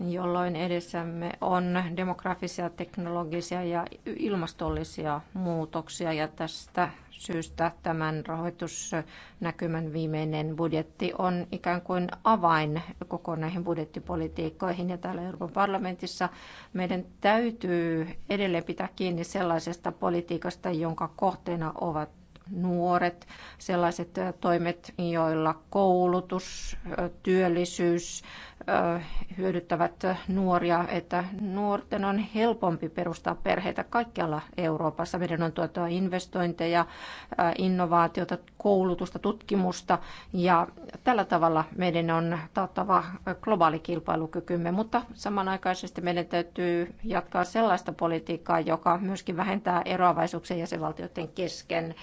jolloin edessämme on demografisia, teknologisia ja ilmastollisia muutoksia. Ja tästä syystä tämän rahoitusnäkymän viimeinen budjetti on ikään kuin avain koko näihin budjettipolitiikkoihin. Ja täällä Euroopan parlamentissa meidän täytyy edelleen pitää kiinni sellaisesta politiikasta, jonka kohteena ovat nuoret, sellaiset toimet, joilla koulutus, työllisyys hyödyttävät nuoria, että nuorten on helpompi perustaa perheitä kaikkialla Euroopassa. Meidän on tuotava investointeja, innovaatiota, koulutusta, tutkimusta ja tällä tavalla meidän on taattava globaali kilpailukykymme, mutta samanaikaisesti meidän täytyy jatkaa sellaista politiikkaa, joka myöskin vähentää eroavaisuuksia jäsenvaltioiden kesken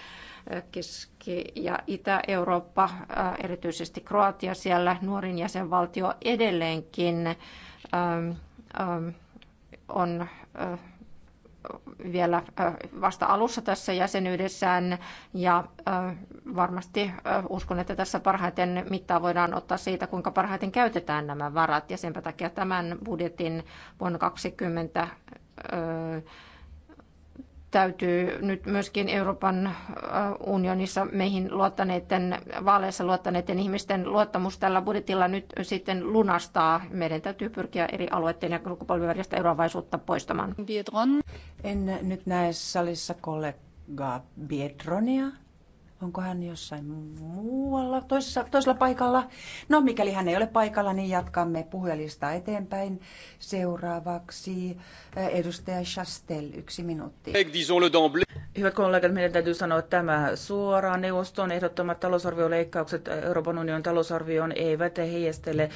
Keski- ja Itä-Eurooppa, äh, erityisesti Kroatia siellä nuorin jäsenvaltio edelleenkin ähm, ähm, on äh, vielä äh, vasta alussa tässä jäsenyydessään ja varmasti uskon, että tässä parhaiten mittaa voidaan ottaa siitä, kuinka parhaiten käytetään nämä varat ja sen takia tämän budjetin vuonna 2020 täytyy nyt myöskin Euroopan äh, unionissa meihin luottaneiden, vaaleissa luottaneiden ihmisten luottamus tällä budjetilla nyt sitten lunastaa. Meidän täytyy pyrkiä eri alueiden ja sukupolvivälistä eroavaisuutta poistamaan. En nyt näe salissa kollegaa Biedronia. Onko hän jossain muualla, toisessa, toisella paikalla? No, mikäli hän ei ole paikalla, niin jatkamme puhelista eteenpäin. Seuraavaksi eh, edustaja Chastel, yksi minuutti. Hyvät kollegat, meidän täytyy sanoa tämä suoraan. Neuvoston ehdottomat talousarvioleikkaukset Euroopan unionin talousarvioon eivät heijastele eh,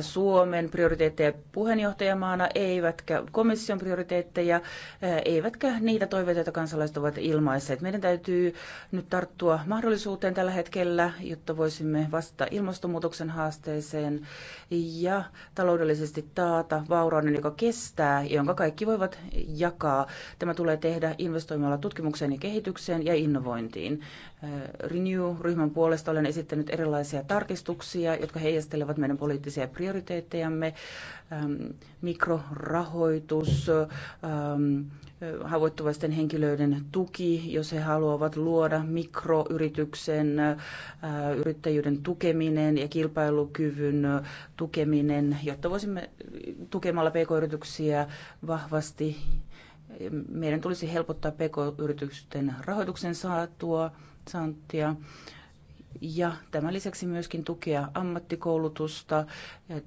Suomen prioriteetteja puheenjohtajamaana, eivätkä komission prioriteetteja, eh, eivätkä niitä toiveita, joita kansalaiset ovat ilmaisseet. Meidän täytyy nyt tarttua mahdollisuuteen tällä hetkellä, jotta voisimme vastata ilmastonmuutoksen haasteeseen ja taloudellisesti taata vaurauden, joka kestää ja jonka kaikki voivat jakaa. Tämä tulee tehdä investoimalla tutkimukseen ja kehitykseen ja innovointiin. Renew-ryhmän puolesta olen esittänyt erilaisia tarkistuksia, jotka heijastelevat meidän poliittisia prioriteettejamme, ähm, mikrorahoitus, ähm, haavoittuvaisten henkilöiden tuki, jos he haluavat luoda mikroyrityksen, äh, yrittäjyyden tukeminen ja kilpailukyvyn tukeminen, jotta voisimme tukemalla pk-yrityksiä vahvasti meidän tulisi helpottaa pk-yritysten rahoituksen saatua santtia. Ja tämän lisäksi myöskin tukea ammattikoulutusta,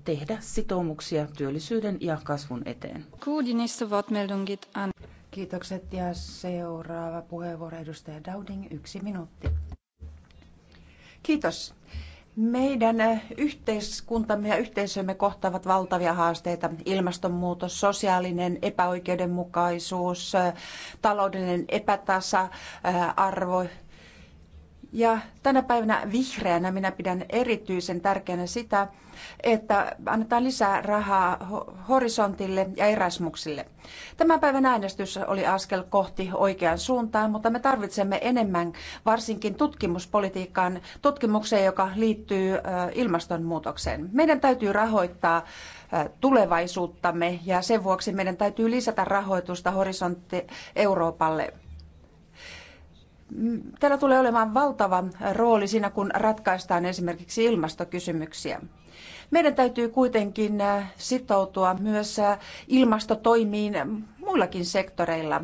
tehdä sitoumuksia työllisyyden ja kasvun eteen. Kiitokset ja seuraava puheenvuoro edustaja Dowding, yksi minuutti. Kiitos. Meidän yhteiskuntamme ja yhteisömme kohtaavat valtavia haasteita. Ilmastonmuutos, sosiaalinen epäoikeudenmukaisuus, taloudellinen epätasa-arvo ja tänä päivänä vihreänä minä pidän erityisen tärkeänä sitä, että annetaan lisää rahaa horisontille ja erasmuksille. Tämän päivän äänestys oli askel kohti oikeaan suuntaan, mutta me tarvitsemme enemmän varsinkin tutkimuspolitiikkaan, tutkimukseen, joka liittyy ilmastonmuutokseen. Meidän täytyy rahoittaa tulevaisuuttamme ja sen vuoksi meidän täytyy lisätä rahoitusta horisontti Euroopalle. Tällä tulee olemaan valtava rooli siinä, kun ratkaistaan esimerkiksi ilmastokysymyksiä. Meidän täytyy kuitenkin äh, sitoutua myös äh, ilmastotoimiin muillakin sektoreilla,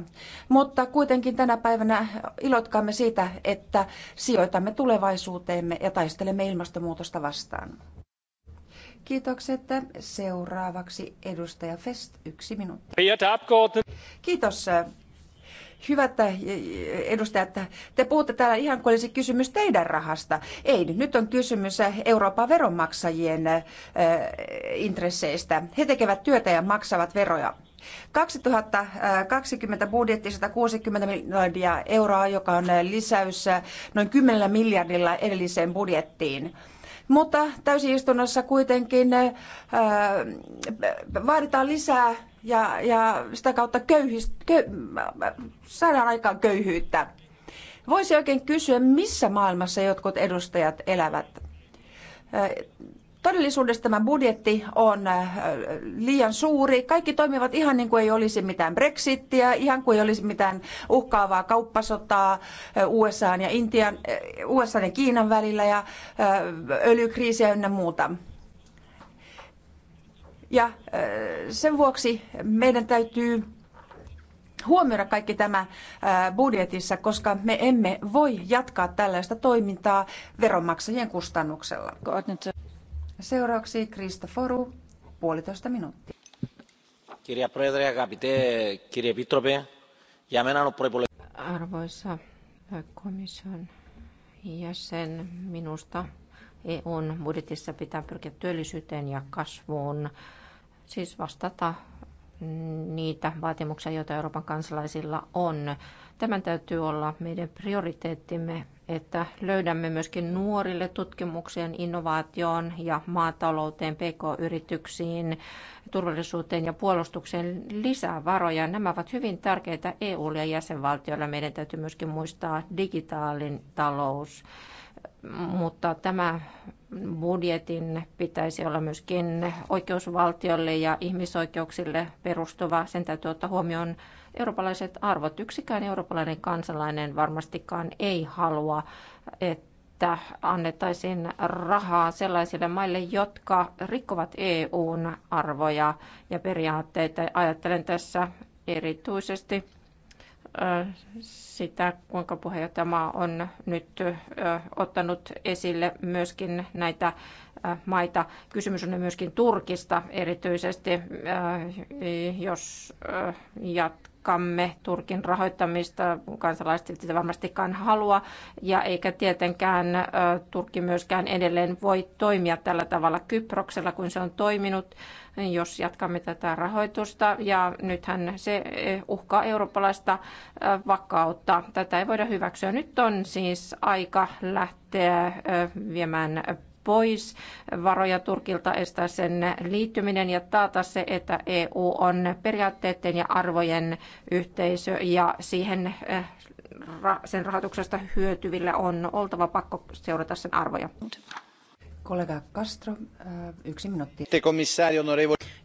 mutta kuitenkin tänä päivänä ilotkaamme siitä, että sijoitamme tulevaisuuteemme ja taistelemme ilmastonmuutosta vastaan. Kiitokset. Seuraavaksi edustaja Fest, yksi minuutti. Kiitos äh, Hyvät eh, edustajat, te puhutte täällä ihan kuin olisi kysymys teidän rahasta. Ei, nyt on kysymys eh, Euroopan veronmaksajien eh, intresseistä. He tekevät työtä ja maksavat veroja. 2020 budjetti 160 miljardia euroa, joka on lisäys noin 10 miljardilla edelliseen budjettiin mutta täysistunnossa kuitenkin äh, vaaditaan lisää ja, ja sitä kautta köyhist, kö, saadaan aikaan köyhyyttä. Voisi oikein kysyä, missä maailmassa jotkut edustajat elävät. Todellisuudessa tämä budjetti on liian suuri. Kaikki toimivat ihan niin kuin ei olisi mitään brexittiä, ihan kuin ei olisi mitään uhkaavaa kauppasotaa USA ja, Intian, USA ja Kiinan välillä ja öljykriisiä ynnä muuta. Ja äh, sen vuoksi meidän täytyy huomioida kaikki tämä äh, budjetissa, koska me emme voi jatkaa tällaista toimintaa veronmaksajien kustannuksella. Seuraavaksi Krista Foru, puolitoista minuuttia. Kirja Proedre, Agapite, kirja Pitrope, ja Arvoisa komission jäsen, minusta EUn budjetissa pitää pyrkiä työllisyyteen ja kasvuun, siis vastata niitä vaatimuksia, joita Euroopan kansalaisilla on. Tämän täytyy olla meidän prioriteettimme, että löydämme myöskin nuorille tutkimukseen, innovaatioon ja maatalouteen, pk-yrityksiin turvallisuuteen ja puolustukseen lisää varoja. Nämä ovat hyvin tärkeitä EUlle ja jäsenvaltioille. Meidän täytyy myöskin muistaa digitaalin talous. Mutta tämä budjetin pitäisi olla myöskin oikeusvaltiolle ja ihmisoikeuksille perustuva. Sen täytyy ottaa huomioon eurooppalaiset arvot. Yksikään eurooppalainen kansalainen varmastikaan ei halua, että että annettaisiin rahaa sellaisille maille, jotka rikkovat EUn arvoja ja periaatteita. Ajattelen tässä erityisesti sitä, kuinka puheenjohtajamaa on nyt ottanut esille myöskin näitä maita. Kysymys on myöskin Turkista erityisesti, jos jatkaa jatkamme Turkin rahoittamista. Kansalaiset sitä varmastikaan halua, ja eikä tietenkään Turkki myöskään edelleen voi toimia tällä tavalla Kyproksella, kun se on toiminut, jos jatkamme tätä rahoitusta. Ja nythän se uhkaa eurooppalaista vakautta. Tätä ei voida hyväksyä. Nyt on siis aika lähteä viemään pois varoja Turkilta, estää sen liittyminen ja taata se, että EU on periaatteiden ja arvojen yhteisö ja siihen eh, sen rahoituksesta hyötyville on oltava pakko seurata sen arvoja. Kollega Castro, äh, yksi minuutti.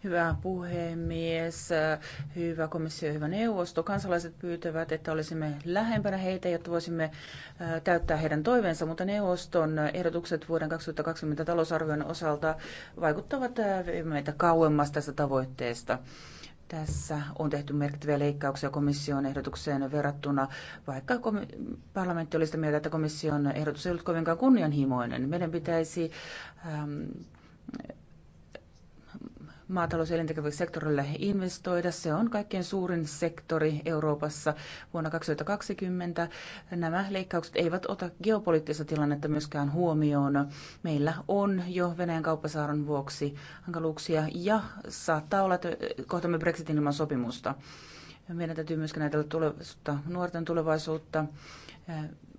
Hyvä puhemies, äh, hyvä komissio, hyvä neuvosto. Kansalaiset pyytävät, että olisimme lähempänä heitä, jotta voisimme äh, täyttää heidän toiveensa, mutta neuvoston ehdotukset vuoden 2020 talousarvion osalta vaikuttavat meitä kauemmas tästä tavoitteesta. Tässä on tehty merkittäviä leikkauksia komission ehdotukseen verrattuna, vaikka parlamentti oli sitä mieltä, että komission ehdotus ei ollut kovinkaan kunnianhimoinen. Meidän pitäisi ähm, maatalous- ja elintarvikesektorille investoida. Se on kaikkein suurin sektori Euroopassa vuonna 2020. Nämä leikkaukset eivät ota geopoliittista tilannetta myöskään huomioon. Meillä on jo Venäjän kauppasaaron vuoksi hankaluuksia ja saattaa olla, että kohtamme Brexitin ilman sopimusta. Meidän täytyy myöskin ajatella tulevaisuutta, nuorten tulevaisuutta.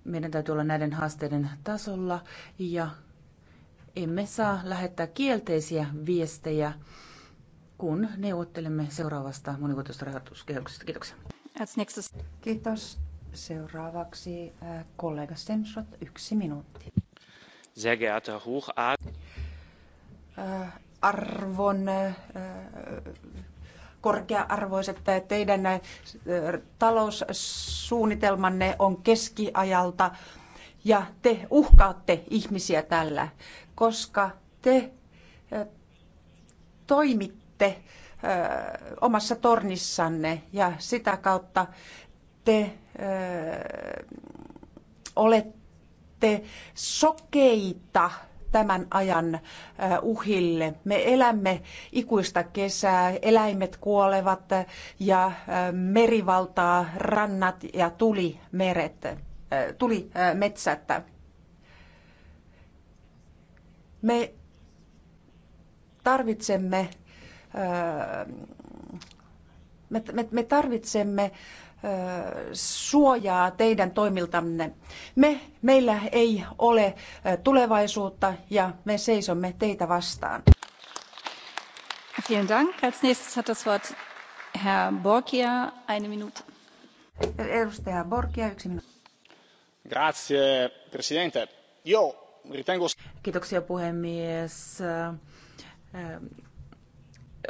Meidän täytyy olla näiden haasteiden tasolla ja emme saa lähettää kielteisiä viestejä kun neuvottelemme seuraavasta monivuotoisesta rahoituskehyksestä. Kiitoksia. Kiitos. Seuraavaksi äh, kollega Senshot, yksi minuutti. Sehr geehrter Hochad. Äh, arvon äh, korkea-arvoiset teidän taloussuunnitelmanne on keskiajalta ja te uhkaatte ihmisiä tällä, koska te toimitte olette omassa tornissanne ja sitä kautta te olette sokeita tämän ajan uhille. Me elämme ikuista kesää, eläimet kuolevat ja merivaltaa rannat ja tuli meret, tuli metsät. Me tarvitsemme Öö, me, me, me tarvitsemme öö, suojaa teidän toimiltanne. Me, meillä ei ole tulevaisuutta ja me seisomme teitä vastaan. Vielen Dank. Als nächstes hat das Wort Herr Borgia, eine Minute. Edustaja Borgia, yksi minuutti. Grazie, Presidente. Io ritengo... Kiitoksia puhemies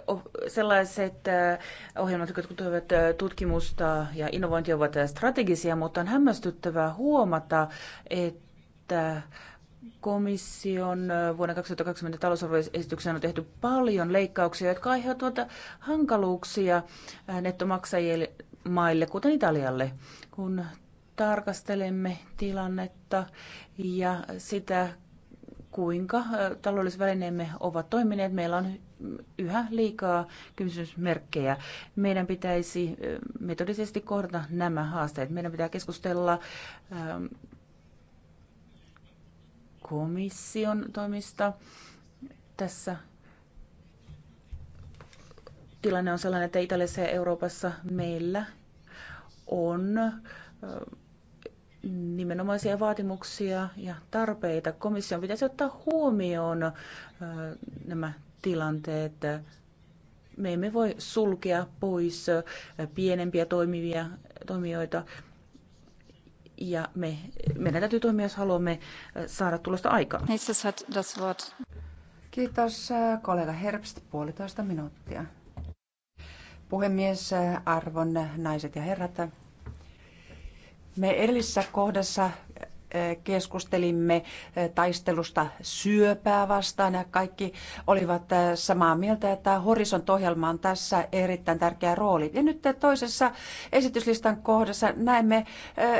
Oh, sellaiset äh, ohjelmat, jotka tuovat äh, tutkimusta ja innovointia, ovat äh, strategisia, mutta on hämmästyttävää huomata, että komission vuonna 2020 talousarvoesitykseen on tehty paljon leikkauksia, jotka aiheuttavat hankaluuksia nettomaksajille maille, kuten Italialle. Kun tarkastelemme tilannetta ja sitä, kuinka taloudellisvälineemme ovat toimineet, meillä on yhä liikaa kysymysmerkkejä. Meidän pitäisi metodisesti kohdata nämä haasteet. Meidän pitää keskustella komission toimista tässä tilanne on sellainen, että Italiassa ja Euroopassa meillä on nimenomaisia vaatimuksia ja tarpeita. Komission pitäisi ottaa huomioon nämä tilanteet. Me emme voi sulkea pois pienempiä toimivia, toimijoita ja me, meidän täytyy toimia, jos haluamme saada tulosta aikaa. Kiitos kollega Herbst, puolitoista minuuttia. Puhemies, arvon naiset ja herrat. Me edellisessä kohdassa keskustelimme taistelusta syöpää vastaan ja kaikki olivat samaa mieltä, että horisontohjelma on tässä erittäin tärkeä rooli. Ja nyt toisessa esityslistan kohdassa näemme,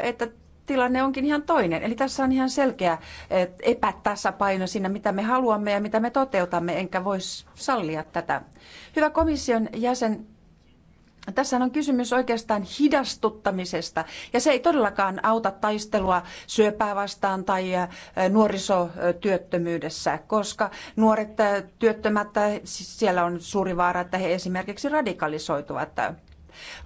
että tilanne onkin ihan toinen. Eli tässä on ihan selkeä epätasapaino siinä, mitä me haluamme ja mitä me toteutamme, enkä voisi sallia tätä. Hyvä komission jäsen, tässä on kysymys oikeastaan hidastuttamisesta ja se ei todellakaan auta taistelua syöpää vastaan tai nuorisotyöttömyydessä, koska nuoret työttömät, siellä on suuri vaara, että he esimerkiksi radikalisoituvat.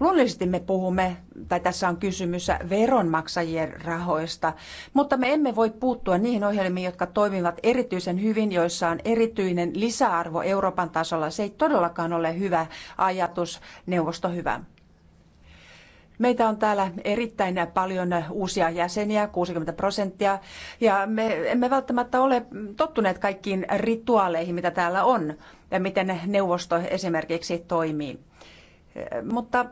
Luonnollisesti me puhumme, tai tässä on kysymys veronmaksajien rahoista, mutta me emme voi puuttua niihin ohjelmiin, jotka toimivat erityisen hyvin, joissa on erityinen lisäarvo Euroopan tasolla. Se ei todellakaan ole hyvä ajatus, neuvosto hyvä. Meitä on täällä erittäin paljon uusia jäseniä, 60 prosenttia, ja me emme välttämättä ole tottuneet kaikkiin rituaaleihin, mitä täällä on, ja miten neuvosto esimerkiksi toimii. Mutta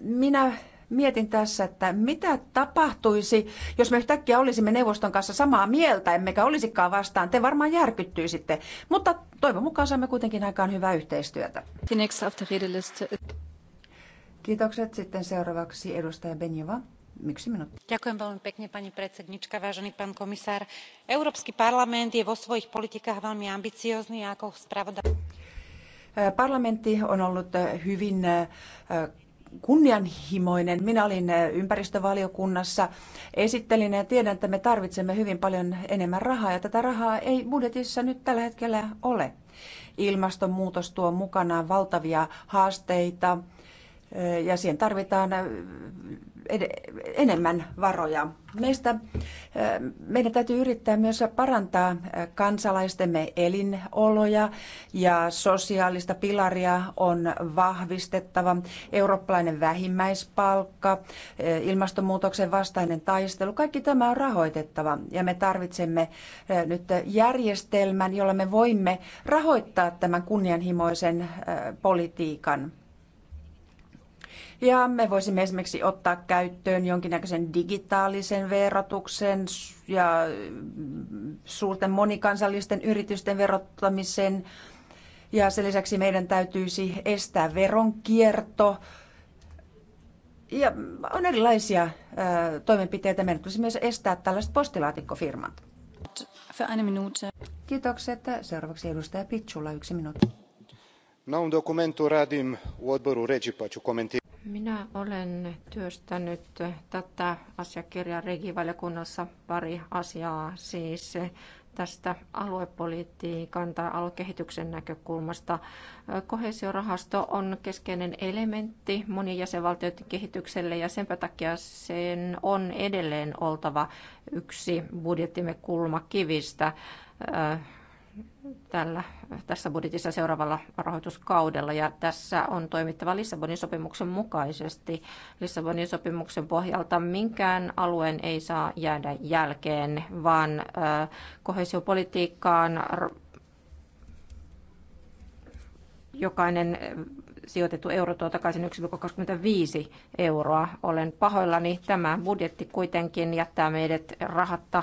minä mietin tässä, että mitä tapahtuisi, jos me yhtäkkiä olisimme neuvoston kanssa samaa mieltä, emmekä olisikaan vastaan. Te varmaan järkyttyisitte, mutta toivon mukaan saamme kuitenkin aikaan hyvää yhteistyötä. Kiitokset. Sitten seuraavaksi edustaja Benjova. miksi minuutti. Ďakujem veľmi pekne, pani predsednička, vážený pán komisár. Európsky parlament je vo svojich politikách veľmi ambiciózny, ako spravodaj Parlamentti on ollut hyvin kunnianhimoinen. Minä olin ympäristövaliokunnassa, esittelin ja tiedän, että me tarvitsemme hyvin paljon enemmän rahaa ja tätä rahaa ei budjetissa nyt tällä hetkellä ole. Ilmastonmuutos tuo mukanaan valtavia haasteita ja siihen tarvitaan enemmän varoja. Meistä, meidän täytyy yrittää myös parantaa kansalaistemme elinoloja ja sosiaalista pilaria on vahvistettava. Eurooppalainen vähimmäispalkka, ilmastonmuutoksen vastainen taistelu, kaikki tämä on rahoitettava ja me tarvitsemme nyt järjestelmän, jolla me voimme rahoittaa tämän kunnianhimoisen politiikan. Ja me voisimme esimerkiksi ottaa käyttöön jonkinnäköisen digitaalisen verotuksen ja suurten monikansallisten yritysten verottamisen. Ja sen lisäksi meidän täytyisi estää veronkierto. Ja on erilaisia toimenpiteitä. Meidän tulisi myös estää tällaiset postilaatikkofirmat. Kiitokset. Seuraavaksi edustaja Pitsula, yksi minuutti. Na un dokumentu radim u odboru Regi, pa ću komentirati. Minä olen työstänyt tätä asiakirjaa regivaliokunnassa pari asiaa, siis tästä aluepolitiikan tai aluekehityksen näkökulmasta. Kohesiorahasto on keskeinen elementti monien jäsenvaltioiden kehitykselle ja sen takia sen on edelleen oltava yksi budjettimme kulmakivistä tällä, tässä budjetissa seuraavalla rahoituskaudella. Ja tässä on toimittava Lissabonin sopimuksen mukaisesti. Lissabonin sopimuksen pohjalta minkään alueen ei saa jäädä jälkeen, vaan kohesiopolitiikkaan jokainen sijoitettu euro tuo takaisin 1,25 euroa. Olen pahoillani. Tämä budjetti kuitenkin jättää meidät rahatta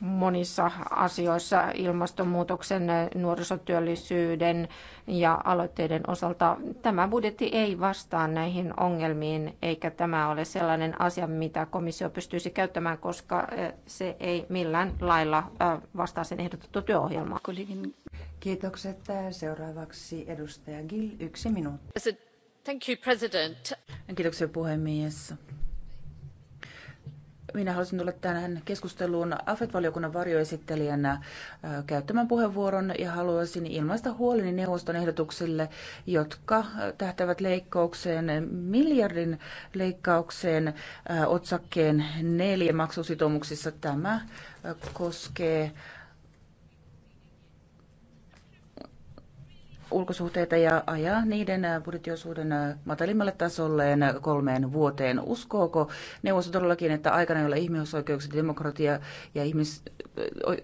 monissa asioissa ilmastonmuutoksen, nuorisotyöllisyyden ja aloitteiden osalta. Tämä budjetti ei vastaa näihin ongelmiin, eikä tämä ole sellainen asia, mitä komissio pystyisi käyttämään, koska se ei millään lailla vastaa sen ehdotettu työohjelmaa. Kiitokset. Seuraavaksi edustaja Gill, yksi minuutti. Thank you, President. Kiitoksia puhemies. Minä haluaisin tulla tänään keskusteluun AFET-valiokunnan varjoesittelijänä käyttämään puheenvuoron ja haluaisin ilmaista huoleni neuvoston ehdotuksille, jotka tähtävät leikkaukseen, miljardin leikkaukseen otsakkeen neljä maksusitoumuksissa. Tämä koskee ulkosuhteita ja ajaa niiden äh, budjettiosuuden äh, matalimmalle tasolleen äh, kolmeen vuoteen. Uskooko neuvosto todellakin, että aikana, jolla ihmisoikeukset, demokratia ja ihmis-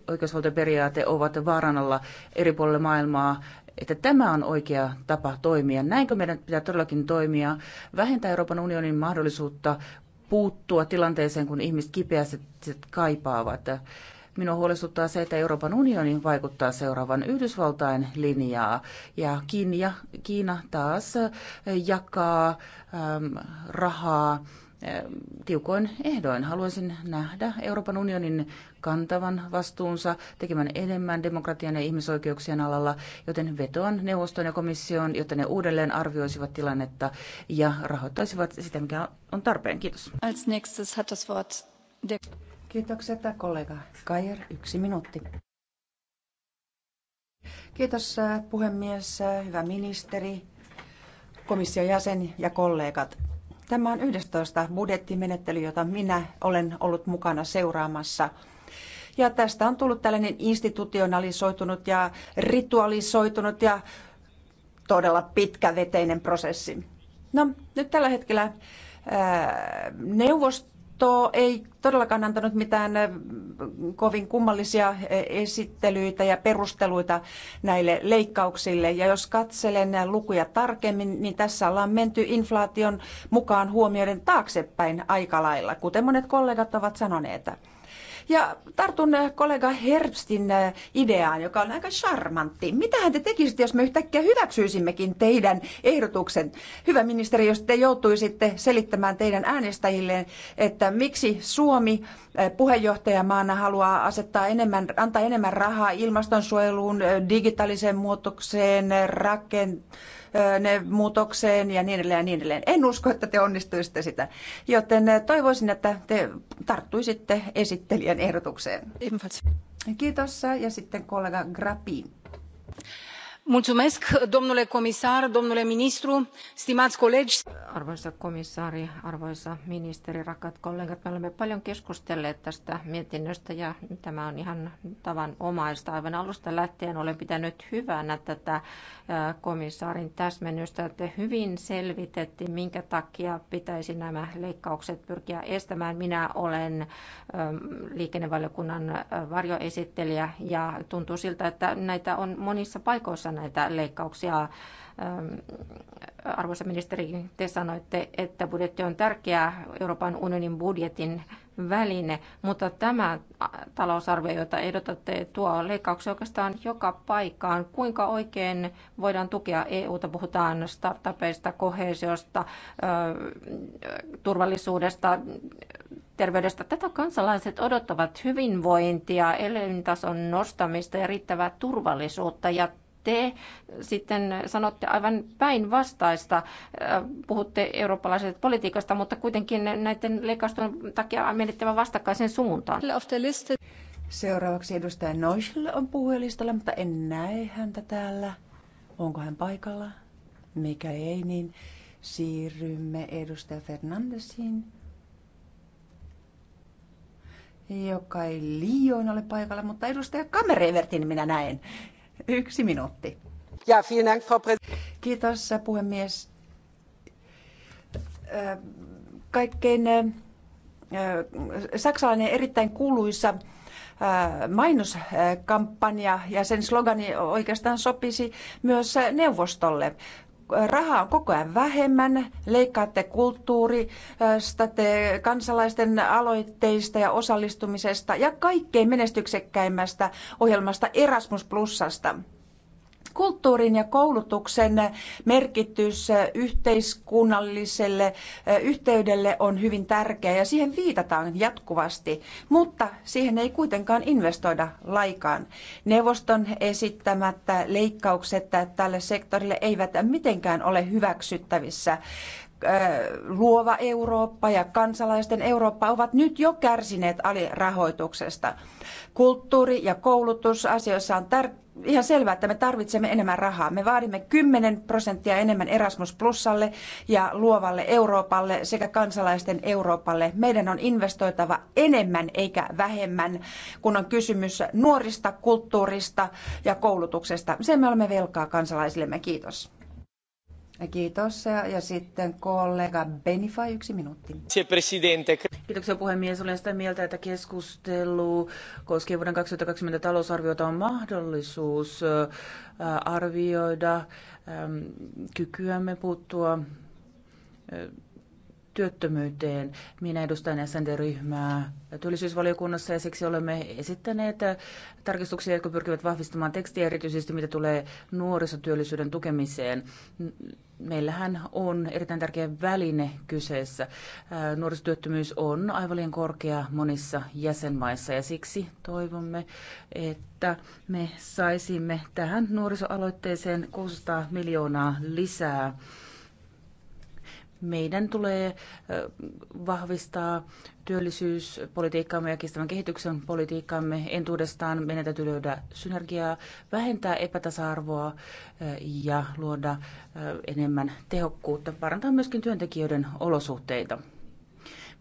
oikeusvaltioperiaate ovat vaaranalla eri puolilla maailmaa, että tämä on oikea tapa toimia. Näinkö meidän pitää todellakin toimia? Vähentää Euroopan unionin mahdollisuutta puuttua tilanteeseen, kun ihmiset kipeästi kaipaavat. Minua huolestuttaa se, että Euroopan unioni vaikuttaa seuraavan Yhdysvaltain linjaa. Ja Kiina, Kiina taas äh, jakaa äm, rahaa äh, tiukoin ehdoin. Haluaisin nähdä Euroopan unionin kantavan vastuunsa tekemään enemmän demokratian ja ihmisoikeuksien alalla, joten vetoan neuvoston ja komission, jotta ne uudelleen arvioisivat tilannetta ja rahoittaisivat sitä, mikä on tarpeen. Kiitos. Als nächstes hat das Wort der... Kiitokset kollega Kajer, yksi minuutti. Kiitos äh, puhemies, äh, hyvä ministeri, komission jäsen ja kollegat. Tämä on 11. budjettimenettely, jota minä olen ollut mukana seuraamassa. Ja tästä on tullut tällainen institutionalisoitunut ja ritualisoitunut ja todella pitkäveteinen prosessi. No nyt tällä hetkellä ää, äh, neuvosto neuvosto ei todellakaan antanut mitään kovin kummallisia esittelyitä ja perusteluita näille leikkauksille. Ja jos katselen lukuja tarkemmin, niin tässä ollaan menty inflaation mukaan huomioiden taaksepäin aika lailla, kuten monet kollegat ovat sanoneet. Ja tartun äh, kollega Herbstin äh, ideaan, joka on aika charmantti. Mitähän te tekisitte, jos me yhtäkkiä hyväksyisimmekin teidän ehdotuksen? Hyvä ministeri, jos te joutuisitte selittämään teidän äänestäjille, että miksi Suomi äh, puheenjohtajamaana haluaa asettaa enemmän, antaa enemmän rahaa ilmastonsuojeluun, digitaaliseen muutokseen, rakentamiseen, ne muutokseen ja niin edelleen ja niin edelleen. En usko, että te onnistuisitte sitä, joten toivoisin, että te tarttuisitte esittelijän ehdotukseen. Kiitos ja sitten kollega Grappin. Mulțumesc, domnule comisar, domnule ministru, stimați colegi. Arvoisa komissaari, arvoisa ministeri, rakkaat kollegat, me olemme paljon keskustelleet tästä mietinnöstä ja tämä on ihan tavanomaista. Aivan alusta lähtien olen pitänyt hyvänä tätä komissaarin täsmennystä. Te hyvin selvitettiin, minkä takia pitäisi nämä leikkaukset pyrkiä estämään. Minä olen liikennevaliokunnan varjoesittelijä ja tuntuu siltä, että näitä on monissa paikoissa näitä leikkauksia arvoisa ministeri, te sanoitte, että budjetti on tärkeä Euroopan unionin budjetin väline, mutta tämä talousarvio, jota ehdotatte, tuo leikkauksia oikeastaan joka paikkaan. Kuinka oikein voidaan tukea EUta? Puhutaan startupeista, kohesiosta, turvallisuudesta, terveydestä. Tätä kansalaiset odottavat hyvinvointia, elintason nostamista ja riittävää turvallisuutta ja te sitten sanotte aivan päinvastaista. Puhutte eurooppalaisesta politiikasta, mutta kuitenkin näiden leikkausten takia menettävän vastakkaisen suuntaan. Seuraavaksi edustaja Noischel on puhujalistalla, mutta en näe häntä täällä. Onko hän paikalla? Mikä ei, niin siirrymme edustaja Fernandesiin, joka ei liioin ole paikalla, mutta edustaja Kamerevertin minä näen. Yksi minuutti. Ja, Frau Kiitos puhemies. Kaikkein saksalainen erittäin kuuluisa mainoskampanja ja sen slogani oikeastaan sopisi myös neuvostolle rahaa on koko ajan vähemmän, leikkaatte kulttuurista, te kansalaisten aloitteista ja osallistumisesta ja kaikkein menestyksekkäimmästä ohjelmasta Erasmus Plusasta kulttuurin ja koulutuksen merkitys yhteiskunnalliselle yhteydelle on hyvin tärkeä ja siihen viitataan jatkuvasti, mutta siihen ei kuitenkaan investoida laikaan. Neuvoston esittämät leikkaukset tälle sektorille eivät mitenkään ole hyväksyttävissä luova Eurooppa ja kansalaisten Eurooppa ovat nyt jo kärsineet alirahoituksesta. Kulttuuri- ja koulutusasioissa on ihan selvää, että me tarvitsemme enemmän rahaa. Me vaadimme 10 prosenttia enemmän Erasmus Plusalle ja luovalle Euroopalle sekä kansalaisten Euroopalle. Meidän on investoitava enemmän eikä vähemmän, kun on kysymys nuorista, kulttuurista ja koulutuksesta. Sen me olemme velkaa kansalaisillemme. Kiitos. Kiitos. Ja sitten kollega Benifa, yksi minuutti. Kiitoksia puhemies. Olen sitä mieltä, että keskustelu koskien vuoden 2020 talousarviota on mahdollisuus äh, arvioida kykyämme puuttua äh, työttömyyteen. Minä edustan SND-ryhmää työllisyysvaliokunnassa ja siksi olemme esittäneet äh, tarkistuksia, jotka pyrkivät vahvistamaan tekstiä erityisesti mitä tulee nuorisotyöllisyyden tukemiseen. Meillähän on erittäin tärkeä väline kyseessä. Äh, nuorisotyöttömyys on aivan liian korkea monissa jäsenmaissa ja siksi toivomme, että me saisimme tähän nuorisoaloitteeseen 600 miljoonaa lisää meidän tulee vahvistaa työllisyyspolitiikkaamme ja kestävän kehityksen politiikkaamme entuudestaan. Meidän täytyy löydä synergiaa, vähentää epätasa-arvoa ja luoda enemmän tehokkuutta, parantaa myöskin työntekijöiden olosuhteita.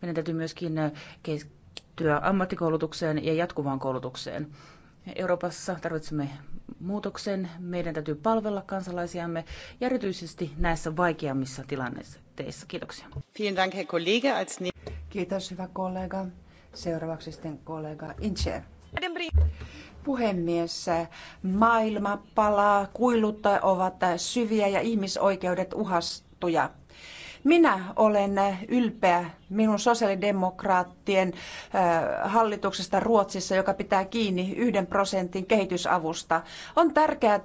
Meidän täytyy myöskin keskittyä ammattikoulutukseen ja jatkuvaan koulutukseen. Euroopassa tarvitsemme muutoksen. Meidän täytyy palvella kansalaisiamme ja erityisesti näissä vaikeammissa tilanteissa puitteissa. Kiitoksia. Kiitos, hyvä kollega. Seuraavaksi sitten kollega Incher. Puhemies, maailma palaa, kuilut ovat syviä ja ihmisoikeudet uhastuja. Minä olen ylpeä minun sosiaalidemokraattien hallituksesta Ruotsissa, joka pitää kiinni yhden prosentin kehitysavusta. On tärkeää,